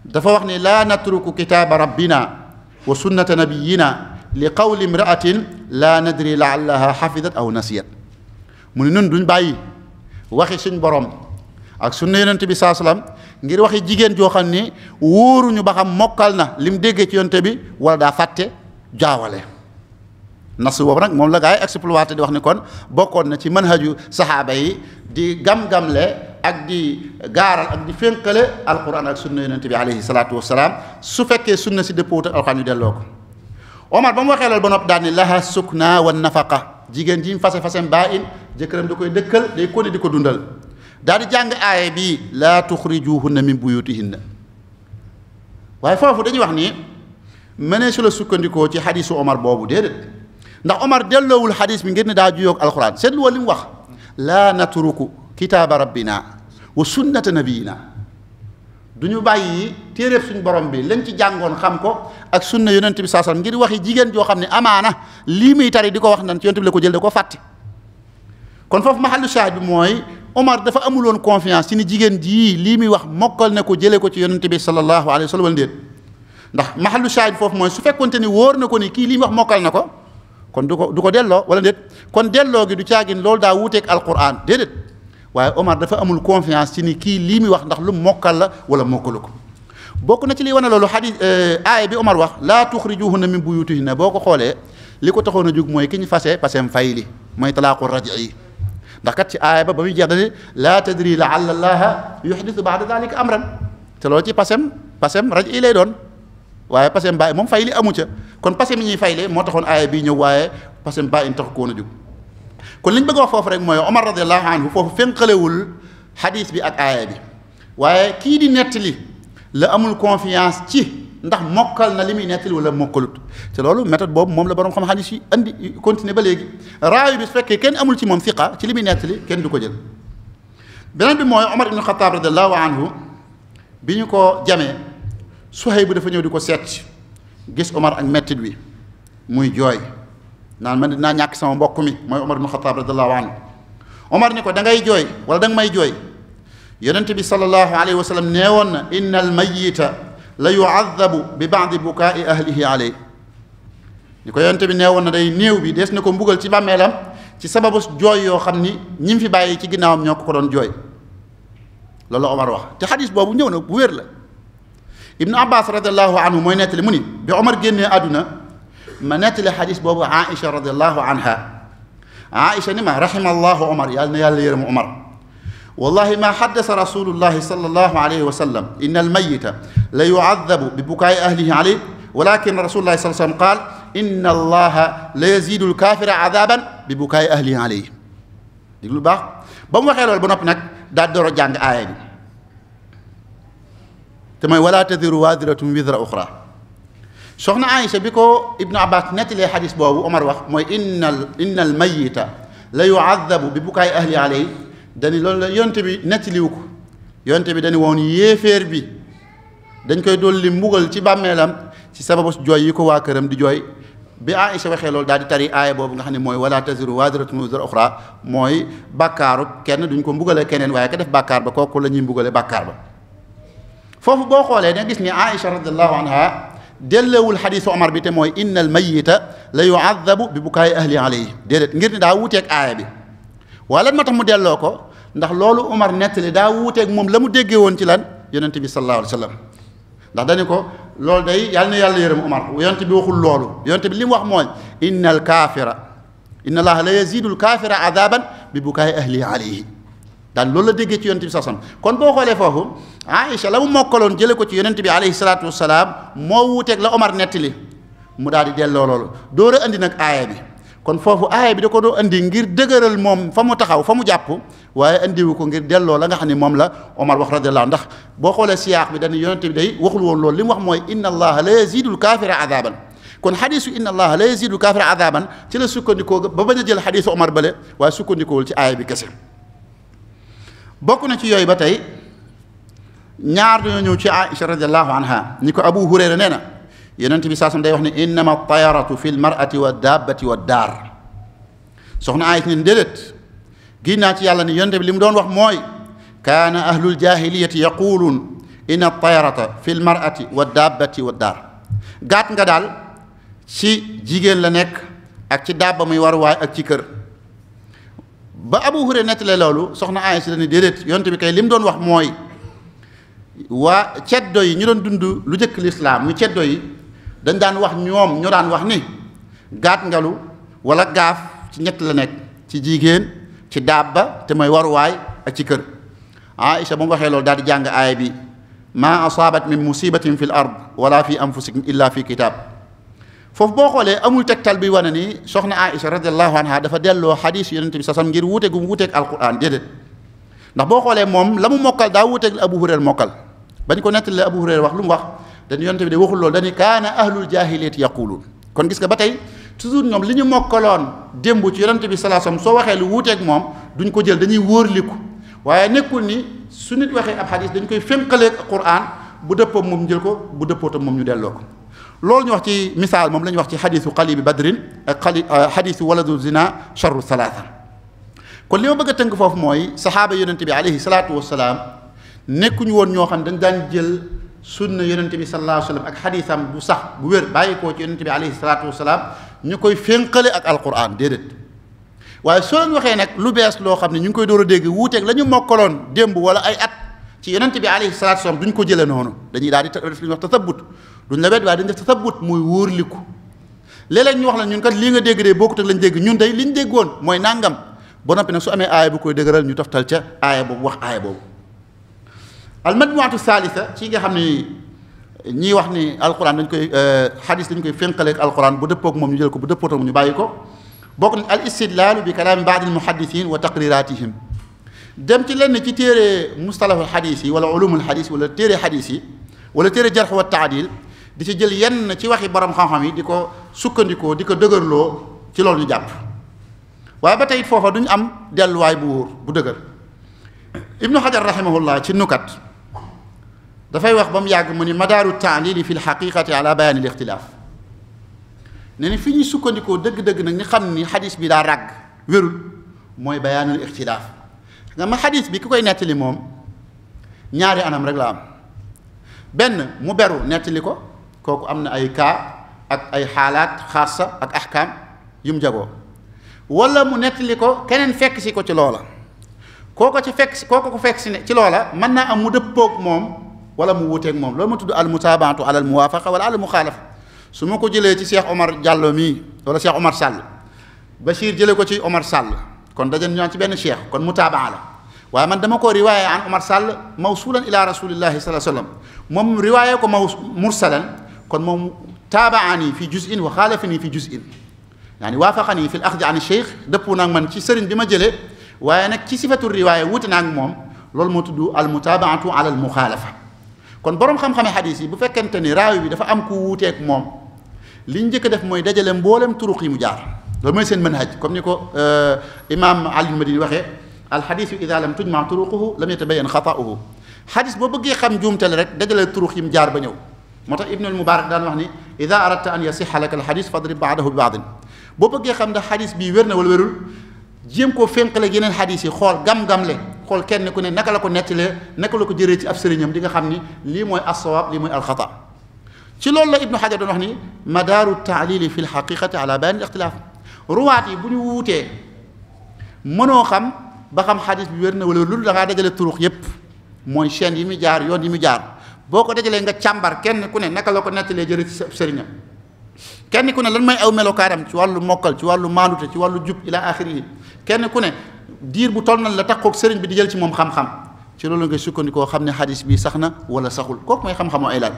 dafa wax ni laa natruku kitaaba rabbina وسنة نبينا لقول امرأة لا ندري لعلها حفظت أو نسيت mu ne nun duñ bàyyi waxi suñ borom ak sunna yonente bi saa salaam ngir waxi jigéen joo xam ni wóoruñu ba xam mokkal na lim déggee ci yonte bi wala daa fàtte jaawale nasu boobu nag moom la gaa yi exploité di wax ni kon bokkoon na ci manhaju saxaaba yi di gam-gamle ak di gaaral ak di fénkale alquran ak sunna yonente bi alayhi salaatu wasalaam su fekkee sunna si dëppoo ak alquran ñu delloo ko omar ba mu waxee loolu ba nopp daal ni laha sukna wa nafaqa jigéen ji mu fase fasem baa in jëkkëram da koy dëkkal day kone di ko dundal daal di jàng aaye bii laa tuxrijuhunna min buyutihinna waaye foofu dañuy wax ni mënee su la sukkandikoo ci xadisu omar boobu déedéet ndax omar delloowul xadis bi ngir ne daa juyoog alquran seetlu woon li mu wax laa natruku kitaaba rabbina wa sunnata nabiyina du ñu bàyyi téeréef suñ borom bi lañ ci jàngoon xam ko ak sunna yonent bi saa sallam ngir waxi jigéen joo xam ne amaana muy tari di wax nan ci bi la jël da fàtte kon foofu mahallu shaahid bi mooy Omar dafa amuloon confiance ci ni jigéen jii lii muy wax mokkal na ko jëlee ko ci yonent bi sallallahu alayhi wa sallam wala déet ndax mahallu shaahid foofu mooy su fekkonte ni wóor na ni kii lii wax mokkal na kon du ko du wala déet kon delloo gi du caagin loolu daa wuuteeg alquran déedéet waaye Omar dafa amul confiance ci ni kii lii muy wax ndax lu mokkal la wala mokkalu ko bokk na ci liy wane loolu xadis aaya bi Omar wax laa tuxrijuhunna min buyutihinna boo ko xoolee li ko taxoon a jóg mooy ki ñu fase pasem fay li mooy talaaqu raji yi ndax kat ci aaya ba ba muy jeex dane laa tadri la alla allaha yuxdisu baada dalika amran te loolu ci pasem pasem raji yi lay doon waaye pasem bàyyi moom fay li amu ca kon pasem yi ñuy fayle moo taxoon aaya bii ñëw waaye pasem bàyyi tax koon a jóg kon li ñu bëgg wax foofu rek mooy Omar radiallahu anhu foofu fénqalewul xadiis bi ak aaya bi waaye kii di nettali la amul confiance ci ndax mokal na li muy nettali wala mokkalut te loolu méthode boobu moom la borom xam xadiis yi andi continuer ba léegi raayu bi su fekkee amul ci moom siqa ci li muy nettali kenn jël beneen bi mooy Omar ibnu Xataab radiallahu anhu bi ñu ko jamee Suhayb bu dafa ñëw di ko gis Omar ak mettit wi muy jooy naan man dinaa ñàkk sama mbokk mi mooy Omar ibn Xataab radiyallahu anhu Omar ni ko da ngay jooy wala da nga may jooy yonent bi sallallahu alayhi wa sallam nee woon na inna al mayita la yuadabu bi baadi bukaai ahlihi alayh ni ko yonent bi nee woon na day néew bi dees na ko mbugal ci bàmmeelam ci sababu jooy yoo xam ni ñi fi bàyyi ci ginnaawam ñoo ko ko doon jooy loolu Omar wax te xadis boobu ñëw na bu wér la Ibnu Abbas radiyallahu anhu mooy nettali mu ni bi Omar génnee àdduna منتل حديث بابا عائشة رضي الله عنها عائشة نما رحم الله عمر يا يعني اللي يرم عمر والله ما حدث رسول الله صلى الله عليه وسلم إن الميت لا يعذب ببكاء أهله عليه ولكن رسول الله صلى الله عليه وسلم قال إن الله لا يزيد الكافر عذابا ببكاء أهله عليه يقول با بام وخيل البنك دا دور جانغ آيه تما ولا تذروا وادرة وذر أخرى سخنا عائشة بيكو ابن عباس نتلي حديث بوابو عمر وقت موي إن الميت لا يعذب ببكاء أهلي عليه داني لولا ينتبي نتلي وكو ينتبي داني وون يفير بي داني كي دول لمبغل تي بامي تي سبب جوي يكو واكرم دي جوي بي عائشة بخي دادي تاري آية بوابو نحن موي ولا تزر وادرة موزر أخرى موي بكار كأنه دون كون بغل كأنه وايكا دف بكار بكو كل نيم بغل بكار بكار فوف بو خولي رضي الله عنها delloowul xadiisu Omar bi te mooy innal mayyita la yu'adhabu bi bukaay ahli alayhi déedéet ngir ne daa wuuteeg aaya bi waaye lan ma tax mu delloo ko ndax loolu Omar nettali daa wuuteeg moom la mu déggee woon ci lan yonent bi sallallahu alayhi wa sallam ndax dañu ko loolu day yàlla na yàlla yërëm Omar yonent bi waxul loolu yonent bi li mu wax mooy innal kaafira inna allaha la yaziidul kaafira adaban bi bukaay ahli alayhi dal loolu la déggee ci yonnati bi sallam kon boo xoolee foofu Aïcha la mu mokkaloon jële ko ci yonnati bi alayhi salatu wassalam mo wutek la Omar nettali mu dadi di delloo loolu door a andi nak aya bi kon fofu aya bi da ko do andi ngir degeural mom famu taxaw famu mu jàpp waaye andiwu ko ngir delloo la nga xam mom la Omar wax radhiyallahu ndax bo xolé siyaq bi dañu yonnati bi day waxul won loolu lim wax moy inna allah la yazidul kafira adaban kon xadisu inna allah la yazidul kafira adaban ci la sukkandiko ba baña jël xadisu Omar bale waaye sukkandikoowul ci aya bi kese bokuna ci yoy batay ñaar dañu ñëw ci aisha radhiyallahu anha niko abu hurayra neena yenen tibi sasam day wax ni innama tayaratu fil mar'ati wad dabbati wad dar soxna aïcha ni dedet gina ci yàlla ni yonent bi lim doon wax moy kana ahlul jahiliyati yaquluun inna tayarata fil mar'ati wad dabbati wad dar gat nga dal ci jigen la nek ak ci dabba muy war way ak ci keur ba Abu Hurayra nettalee loolu soxna Aysa dañu déedéet yonte bi kay li mu doon wax mooy waa ceddo yi ñu doon dund lu jëkk lislaam mu ceddo yi dañ daan wax ñoom ñoo daan wax ni gaat ngalu wala gaaf ci ñett la nekk ci jigéen ci daaba te mooy waruwaay ak ci kër Aysa ba mu waxee loolu daal di jàng aaya bi maa asaabat min musibatin fi ard wala fi anfusikum illa fi kitab foofu boo xoolee amul tegtal bi wane ni soxna Aïcha radiallahu anha dafa delloo hadith yonente bi sasam ngir wuute gum wuuteeg alquran déedéet ndax boo xoolee moom la mu mokkal daa wuuteeg abu hurair mokkal bañ ko nettali abu hurair wax lu mu wax dañ yonente bi de waxul loolu dani kaana ahlul jahiliyati yaquluun kon gis nga ba tey toujours ñoom li ñu mokkaloon démb ci yonente bi salaasam soo waxee lu wuuteeg moom duñ ko jël dañuy wóorliku waaye nekkul ni su nit waxee ab hadith dañ koy fénqaleeg quran bu dëppoo moom jël ko bu dëppoo tam moom ñu delloo ko لول نيوخ تي مثال موم لا نيوخ تي حديث قليب بدر آه، حديث ولد الزنا شر الثلاثه كل لي ما بغا تنك فوف موي صحابه يونت بي عليه الصلاه والسلام نيكو نيون ньо خان دنج دان جيل سنه يونت بي صلى الله عليه وسلم اك حديثام بو صح بو وير بايكو تي يونت بي عليه الصلاه والسلام نيكوي فينخلي اك القران ديدت واي سولن وخي نك لو بيس لو خامني نيو كوي دورو ديغي ووتك لا نيو موكلون ديمب ولا اي ات تي يونت بي عليه الصلاه والسلام دنج كو جيل نونو دانيي دادي تفلي تثبت duñ la bett waaye dañ def tasabbut muy wóorliku léeg-léeg ñu wax la ñun kat lii nga dégg de bokkut ak lañ dégg ñun day liñ déggoon mooy nangam ba noppi nag su amee aaya bu koy dëgëral ñu toftal ca aaya boobu wax aaya boobu al majmuatu salisa ci nga xam ni ñii wax ni alquran dañ koy xadis dañ koy fénqaleeg alquran bu dëppoog moom ñu jël ko bu dëppootoog moom ñu bàyyi ko bokk ni al istidlaalu bi kalaami baadi al muhaddithin wa taqriratihim dem ci lenn ci téere mustalahul xadis yi wala ulumul xadis wala téere xadis yi wala téere jarx wa taadil di ci jël yenn ci waxi borom xam-xam yi diko sukkandiko diko deugarlo ci lolou ñu jàpp waye ba tayit fofu duñ am delu way bu wor bu deugar ibnu xajar rahimahullah ci nukat da fay wax bam yag mu ni madaru ta'lil fi lxaqiqati ala bayan l ixtilaaf ne ni fi ñuy sukkandikoo deug degg nag ni xam ni hadith bi da rag wérul mooy bayaanul ixtilaaf nga ma hadith bi ki koy li mom ñaari anam rek la am ben mu beru netti liko kooku am na ay cas ak ay xaalaat xaasa ak ahkaam yu mu jagoo wala mu nettali ko keneen fekk si ko ci loola kooko ci fekk si kooko ko fekk si ne ci loola mën naa am mu dëppoog moom wala mu wuuteeg moom loolu ma tudd al mutaabaatu ala al muwaafaqa wala al muxaalafa su ko jëlee ci Cheikh Omar Diallo mii wala Cheikh Omar Sall Bachir jëlee ko ci Omar Sall kon dajan ñoo ci benn cheikh kon mutaabaa la man dama ko riwaayee an Omar Sall mawsulan ila rasulillahi sallallahu alayhi wa sallam moom ko mursalan كون موم تابعني في جزء وخالفني في جزء يعني وافقني في الاخذ عن الشيخ دبو نان مان سي سيرن بما جيلي واي نك سي صفه الروايه ووت نان موم لول مو تدو المتابعه على المخالفه كون بروم خام خامي حديثي بو فكانتني راوي بي دا فا ام كو ووتيك موم لي نجيك داف موي داجالم بولم طرقي مو جار لول موي سين منهج كوم نيكو آه، امام علي المدني واخي الحديث اذا لم تجمع طرقه لم يتبين خطاه حديث بو بغي خام جومتال رك داجال طرقي مو جار با نيو موتا ابن المبارك دان واخني اذا اردت ان يصح لك الحديث فاضرب بعده ببعض بو بغي خم دا حديث بي ورنا ولا ورول جيم كو فنكل يينن حديثي خول غام غام لي خول كين كو ني نكالا كو نيتلي نكالا كو جيري سي اف سيرينم ديغا خامني لي موي الصواب لي موي الخطا سي لول لا ابن حجر دان واخني مدار التعليل في الحقيقه على بان الاختلاف رواتي بو ني ووتي منو خم با خم حديث بي ورنا ولا ورول دا غا دغال تروخ ييب موي شين boo ko dajalee nga càmbar kenn ku ne naka la ko nettalee jëlee ci sëriñam kenn ku ne lan mooy aw melokaaram ci wàllu mokkal ci wàllu maandute ci wàllu jub ila axiri yi kenn ku ne diir bu toll nan la takkook sëriñ bi di jël ci moom xam-xam ci loolu nga sukkandikoo xam ne xadis bi sax na wala saxul kooku mooy xam-xamu ay laal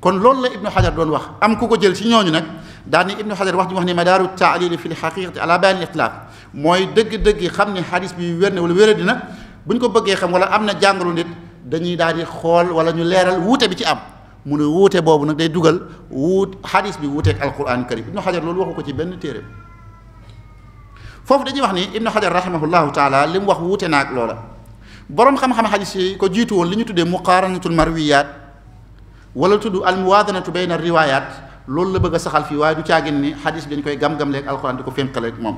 kon loolu la ibnu xajar doon wax am ku ko jël ci ñooñu nag daal ni ibnu xajar wax ñu wax ne madaaru taalili fi lxaqiqati ala bayan ixtilaaf mooy dëgg-dëgg xam ne xadis bi wér na wala wéradi na bu ñu ko bëggee xam wala am na jàngalu nit dañuy daal di xool wala ñu leeral wuute bi ci am mu ne wuute boobu nag day dugal wuut xadis bi wuuteeg alquran karim ibnu xajar loolu waxu ko ci benn téere foofu dañuy wax ni ibnu xajar rahimahullahu taala li mu wax wuute naag loola borom xam-xam xadis yi ko jiitu woon li ñu tuddee muqaranatul marwiyat wala tudd almuwadanatu bayna riwaayaat loolu la bëgg a saxal fii waaye du caagin ni xadis dañ koy gam-gamleeg gam alquran di ko fénqaleeg moom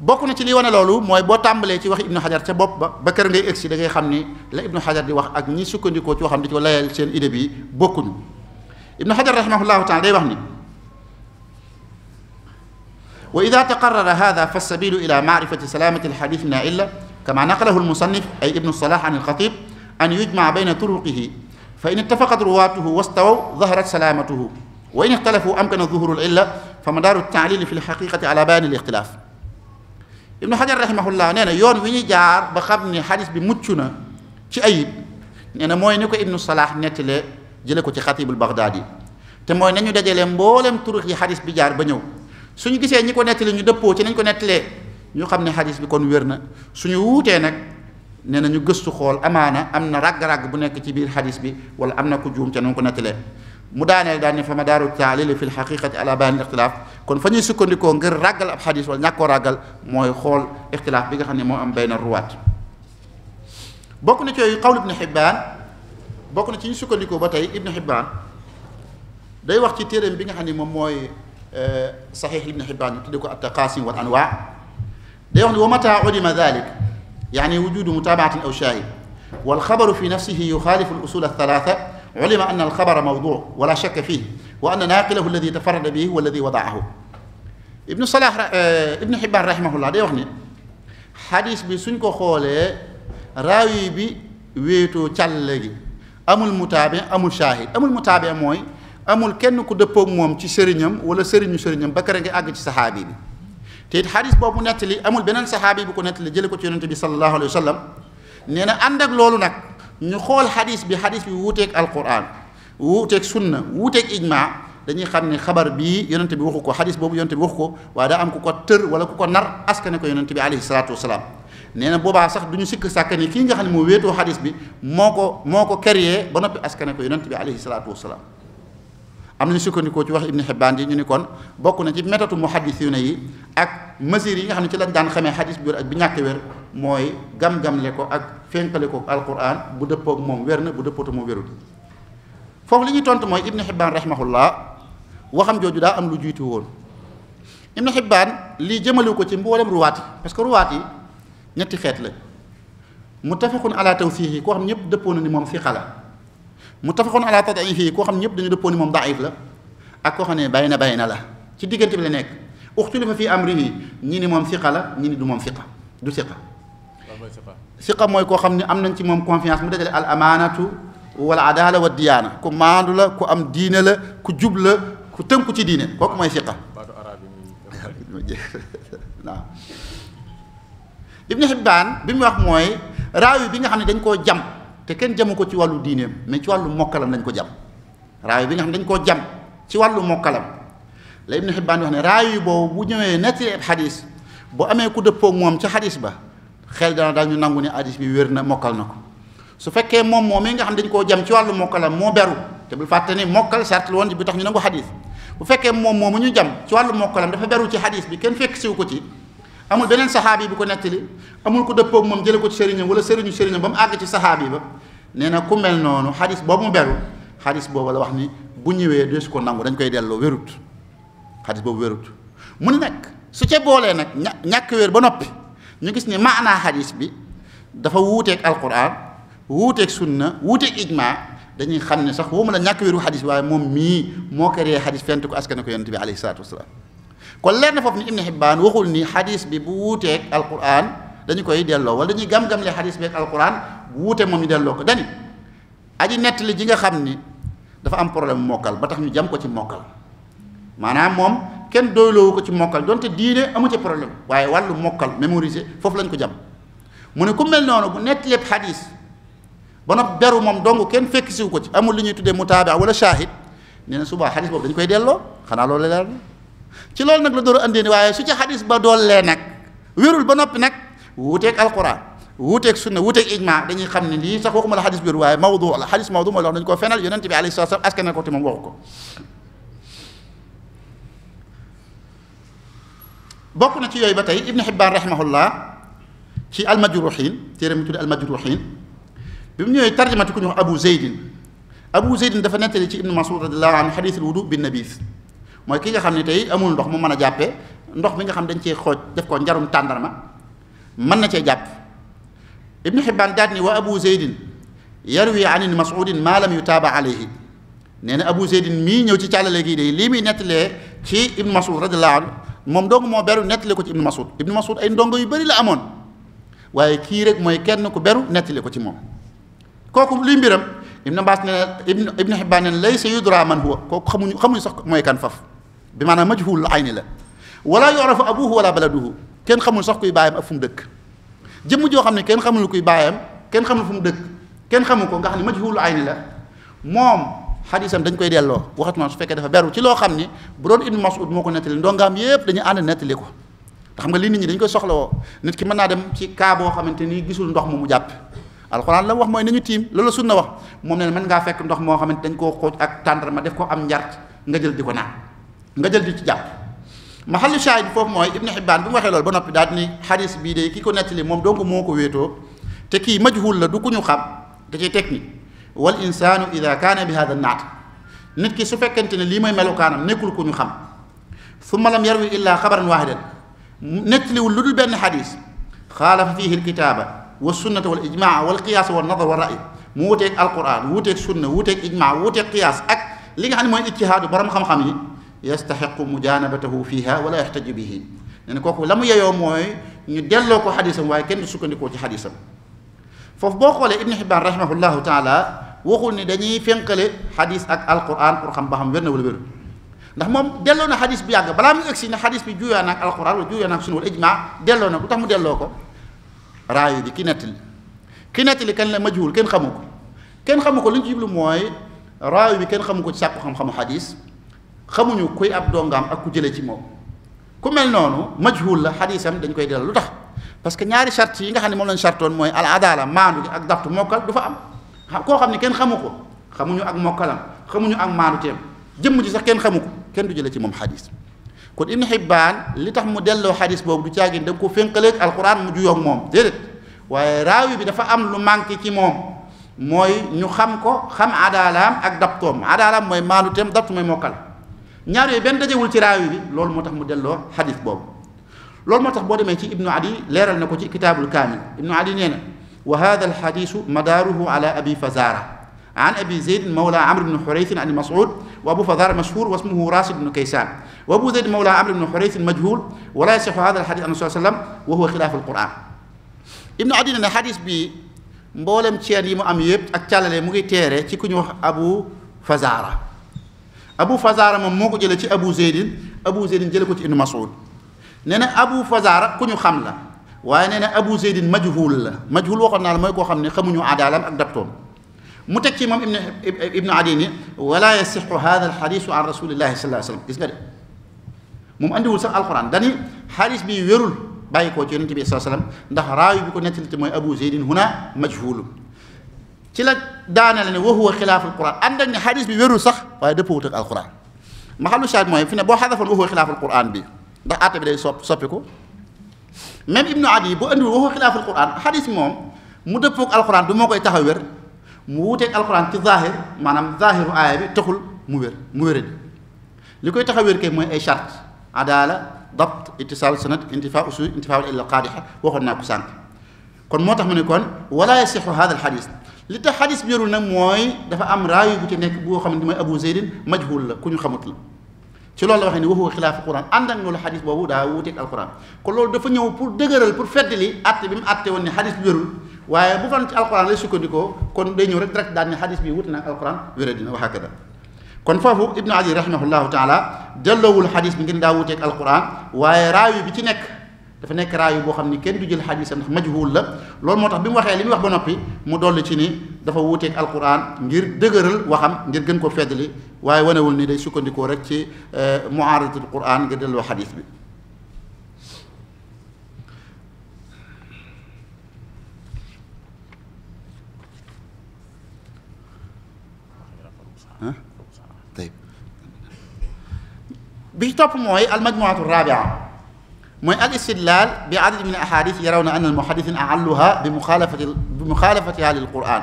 bokk na ci li wane loolu moy bo tambale ci wax ibnu hadjar ci bop ba ba keur ngay exi da ngay xamni la ibnu hadjar di wax ak ñi sukkandiko ci waxam di ko layal seen idée bi bokku ñu ibnu xajar rahimahullahu taala day wax ni wa idha taqarrara hadha fa as sabilu ila ma'rifati salamati al-hadith na illa kama naqalahu al-musannif ay ibnu salah an al-khatib an yujma bayna turuqihi fa in ittafaqat ruwatuhu wastawa daharat salamatuhu wa in ikhtalafu amkana dhuhuru al-illa fa madaru at-ta'lil fi al-haqiqati ala bayan al-ikhtilaf ابن حجر رحمه الله نانا يون وي جار با خامني حديث بي موتشنا شي عيب نانا موي نيكو ابن صلاح نيتلي جيلكو شي خطيب البغدادي تي موي نانيو داجالي مبولم تورخ يي حديث بي جار با نيو سونو غيسه نيكو نيتلي ني دپو شي نتلى نيتلي ñu xamne hadith bi kon werna suñu wuté nak néna ñu gëstu xol amana amna rag rag bu nekk ci biir hadith bi wala amna ku joom ci non ko natalé mu daanel daani fa madaru ta'lil fi kon fa ñuy sukkandikoo ngir ragal ab xadis wala ñàkkoo ragal mooy xool ixtilaaf bi nga xam ne moo am bayna ruwaat bokk na ci yooyu xawlu ibni xibbaan bokk na ci ñu sukkandikoo ba tey ibni xibbaan day wax ci téeréem bi nga xam ne moom mooy saxiix ibni xibbaan ñu tudde ko at taqaasim wal anwaa day wax ne wa mata ulima dalik yaani wujudu mutaabatin aw shaahid wal xabaru fi nafsihi yuxaalifu al usul altalaata ulima anna alxabara mawduu wala وأن ناقله الذي تفرد به هو الذي وضعه ابن صلاح ر... آه... ابن حبان رحمه الله ديوخ ني حديث بي سنكو خوله راوي بي ويتو تيالغي امول متابع امول شاهد امول متابع موي امول كين كو دبو موم سي سيرينم ولا سيرينو سيرينم بكرغي اغ سي صحابي بي تيت حديث بوبو نيتلي امول بنن صحابي بو نيتلي جيلكو تي نونتي صلى الله عليه وسلم نينا اندك لولو نك ني خول حديث بي حديث بي ووتيك القران wuuteeg sunna wuuteeg ijma dañuy xam ne xabar bii yonente bi waxu ko xadis boobu yonente bi waxu ko waaye daa am ku ko tër wala ku ko nar askane ko yonente bi alayhi salaatu wasalaam nee na boobaa sax du ñu sikk sàkk ni kii nga xam ne moo wéetoo xadis bi moo ko moo ko créé ba noppi askane ko yonente bi alayhi salaatu wasalaam am nañu sukkandikoo ci wax ibni xibaan ñu ni kon bokk na ci métatu muhaddisiina yi ak mesures yi nga xam ne ci lañ daan xamee xadis bi wér ak bi ñàkk wér mooy gam-gamle ko ak fénkale ko alquran bu dëppoog moom wér na bu dëppootu moom wérul foofu li ñuy tontu mooy ibnu xibbaan rahimahullah waxam jooju daa am lu jiitu woon ibnu xibbaan lii jëmale ko ci mboolem ruwaat yi parce que ruwaat yi ñetti xeet la muttafaqun ala tawsiix yi koo xam ñëpp dëppoo na ni moom siqa la muttafaqun ala tadiif yi koo xam ñëpp dañu dëppoo ni moom daif la ak koo xam ne bay na bay na la ci diggante bi la nekk uxtulifa fi amrihi ñi ni moom siqa la ñi ni du moom siqa du siqa siqa mooy koo xam ne am nañ ci moom confiance mu dajale al amaanatu wal adaala wa diyaana ku maandu la ku am diine la ku jub la ku tënku ci diine kooku mooy siqa ibnu Hibbaan bi mu wax mooy raawi bi nga xam ne dañ koo jam te kenn jamu ko ci wàllu diineem mais ci wàllu mokkalam lañ ko jam raawi bi nga xam ne dañ koo jam ci wàllu mokkalam la ibnu Hibbaan wax ne raawi boobu bu ñëwee nettali ab xadis bu amee ku dëppoog moom ca xadis ba xel dana daal ñu nangu ne xadis bi wér na mokkal na ko su fekkee moom moom i nga xam dañ koo jam ci wàllu mokkalam moo beru te bul fàtte ni mokkal sart la woon bi tax ñu nangu xadis bu fekkee moom moomu ñu jam ci wàllu mokkalam dafa beru ci xadis bi kenn fekk siw ko ci amul beneen saxaabi bu ko nettali amul ko dëppoo moom jële ko ci sëriñam wala sëriñu sëriñam ba mu àgg ci saxaabi ba nee na ku mel noonu xadis boobu mu beru xadis boobu la wax ni bu ñëwee dees ko nangu dañ koy delloo wérut xadis boobu wérut mu nag su ca boolee nag ñàkk wér ba noppi ñu gis ne maanaa xadis bi dafa wuuteeg alquran wuuteeg na wuuteeg ijma dañuy xam ne sax woomu la ñàkk wéru xadis waaye moom mii moo ko ree xadis fent ko askane ko yonent bi alayhi salaatu wasalaam kon leer na foofu ni ibnu Hibbaan waxul ni xadis bi bu wuuteeg alquran dañu koy delloo wala dañuy gam-gamle xadis bi ak alquran wuute moom ñu delloo ko dani aji nettali ji nga xam ni dafa am problème mokkal ba tax ñu jam ko ci mokkal maanaam moom kenn doyloowu ko ci mokkal donte diine amu ci problème waaye wàllu mokkal mémoriser foofu lañ ko jam mu ne ku mel noonu bu nettalee xadis bana beru mom dongu ken fekk siw ko ci amul lu ñuy tuddee mutaabaa wala shahid nee suba hadith bobu dañ koy delloo xana lolé leer ci lol nak la doro andé ni waye su ci hadith ba dolé nak wérul ba nopi nak wuté ak alquran wuté ak sunna wuté ak ijma dañuy xamni li sax waxuma la hadith bi waye mawdu la hadith mawdu mo loo xam ko fenal yonente bi alayhi salatu askan na ko te moom waxu ko bokku na ci yoy batay ibn hibban rahimahullah ci al majruhin tere mi tuddé al majruhin ابن يترجم تكون ابو زيد ابو زيد دا فنت لي ابن مسعود رضي الله عنه حديث الوضوء بالنبيذ موي كيغا خامني تاي امول ندوخ مو مانا جابي ندوخ ميغا خام دنجي خوج داف كو نجارم تاندرما نتي جاب ابن حبان دادني وابو زيد يروي عن مسعود ما لم يتابع عليه نينا ابو زيد مين نيو تي تيالا لي دي لي مي نتلي تي ابن مسعود رضي الله عنه موم دوغ مو بيرو نتلي كو ابن مسعود ابن مسعود اي ندونغ يو بري لا امون واي كي رك موي نتلي كو تي kooku luy mbiram ibn abbas ne ibn ibn hibbaan ne laysa yudra man huwa kooku xamuñu xamuñu sax mooy kan faf bi maanaam majhul ayni la wala yurafu abuhu wala baladuhu kenn xamul sax kuy baayam ak fu mu dëkk jëmm joo xam ne kenn xamul kuy baayam kenn xamul fu mu dëkk kenn xamul ko nga xam ne majhul ayni la moom xadisam dañ koy delloo waxatuma su fekkee dafa beru ci loo xam ni bu doon ibn mas'ud moo ko nettali ndongaam yépp dañu ànd nettali ko te xam nga lii nit ñi dañ koy soxlawoo nit ki mën naa dem ci kaa boo xamante ni gisul ndox mu mu jàpp alxuraan la mu wax mooy nañu tiim loolu sunna wax moom ne mën ngaa fekk ndox moo xamante dañ koo xóoj ak tàndarma def ko am njart nga jël di ko naan nga jël di ci jàpp mahallu shaahid foofu mooy ibnu Hibbaan bi mu waxee loolu ba noppi daal di ni xadis bii de ki ko nettali moom donc moo ko wéetoo te kii majhul la du ku ñu xam da cay technique wal insaanu ida kaana bi hada naat nit ki su fekkente ne lii mooy melokaanam nekkul ku ñu xam summa lam yarwi illaa xabaran waahidan nettaliwul lu dul benn xadis xaalafa fiihi alkitaaba wa sunnata wal ijmaa wal qiyaas wal nadar wa ray mu wuteeg alquran wuuteeg sunna wuuteeg ijmaa wuuteeg qiyaas ak li nga xam ne mooy ijtihaadu borom xam-xam yi yastaxiqu mujanabatahu fiha wala yaxtaju bihi nee na kooku la mu yeyoo mooy ñu delloo ko xadisam waaye kenn sukkandikoo ci xadisam foofu boo xoolee ibnu xibaan rahimahullahu taala waxul ni dañuy fénqale xadis ak alquran pour xam ba xam wér na wala wér ndax moom delloo na xadis bu yàgg balaa mu egsi ne xadis bi juuyaan ak alquran wala juuyaan ak sunna wala ijmaa delloo na bu tax mu delloo ko raaya ji ki nettali ki nettali kenn la majhul kenn xamu ko kenn xamu ko li ñu ci jublu mooy raaya bi kenn xamu ko ci sàkku xam-xamu xadis xamuñu kuy ab dongaam ak ku jëlee ci moom ku mel noonu majhul la xadisam dañ koy delal lu tax parce que ñaari charte yi nga xam ne moom lañ chartoon mooy al adala maandu gi ak daftu mokkal du fa am koo xam ne kenn xamu ko xamuñu ak mokkalam xamuñu ak maandu teem jëmm ji sax kenn xamu ko kenn du jëlee ci moom xadis كون ابن حبان لي تخ مو ديلو حديث بوب دو تياغين دنجو فينكليك القران مو جو يوك موم ديدت واي راوي بي دا فا ام لو مانكي كي موم موي ني خام كو خام عدالام اك دابتوم عدالام موي مالو تيم دابتوم موي موكال نياري بن داجيول تي راوي بي لول موتاخ مو ديلو حديث بوب لول موتاخ بو ديمي تي ابن عدي ليرال نكو تي كتاب الكامل ابن عدي نينا وهذا الحديث مداره على ابي فزاره عن ابي زيد مولى عمرو بن حريث عن مسعود وابو فذار مشهور واسمه راشد بن كيسان وابو زيد مولى عمرو بن حريث مجهول ولا يصح هذا الحديث عن صلى الله عليه وسلم وهو خلاف القران ابن عدي ان الحديث بي مبولم تيان يم ام ييب اك تيالال موغي تيري تي كوني وخ ابو فزارة ابو فزارة مم موكو جيل تي ابو زيد ابو زيد جيل كو تي ابن مسعود نينا ابو فزارة كوني خم واي نينا ابو زيد مجهول مجهول وخنا لا موي كو خامني خمو ني ادالام اك دابتوم متكي امام ابن ابن عدي ولا يصح هذا الحديث عن رسول الله صلى الله عليه وسلم اسغري موم اندي وسال القران داني حديث بي ويرول بايكو تي صلى الله عليه وسلم ده راوي بيكو نتلتي موي ابو زيد هنا مجهول تي دانا لني وهو خلاف القران اندني حديث بي صح واي دبو تك القران ما خلو شاد موي فينا بو حذف وهو خلاف القران بي ده اتي بي سوبيكو ميم ابن عدي بو اندي وهو خلاف القران حديث موم مو القران دو موكاي موتك القرآن تظاهر ما نم ظاهر آية تقول مبر مبرد لكي تخبر كم أي شرط عدالة ضبط اتصال سنة انتفاع أسوي انتفاع إلا القادحة وخذنا كسان كن موتك من يكون ولا يصح هذا الحديث لتا حديث بيرو موي دا فا راي بو بو خامن دي ابو زيد مجهول لا كوني خاموت لا سي لول لا واخني وهو خلاف القران اندك نول حديث بوبو دا ووتيك القران كون لول دا فا نيو بور دغيرال بور وني حديث بيرو waye bu fan ci alquran lay sukkandikoo kon day ñëw rek direct daan ne xadis bi wutna alquran wéré dina wax hakada kon fofu ibnu ali rahimahullahu taala delloowul hadith bi ngeen wuté ak alquran waye rawi bi ci nek dafa nek rawi bo xamni kenn du jël hadith ndax majhul la lool motax bimu waxé limu wax ba nopi mu dolli ci ni dafa wuté ak alquran ngir degeural waxam ngir gën ko feddali waye wanewul ni day sukkandikoo rek ci mu'aradatul quran ngir delloo hadith bi bi ci topp mooy almajmuatu rabia mooy al istidlal bi adad min ahadith yarawna anna al muhaddithin a'alluha bi mukhalafati bi mukhalafatiha lil quran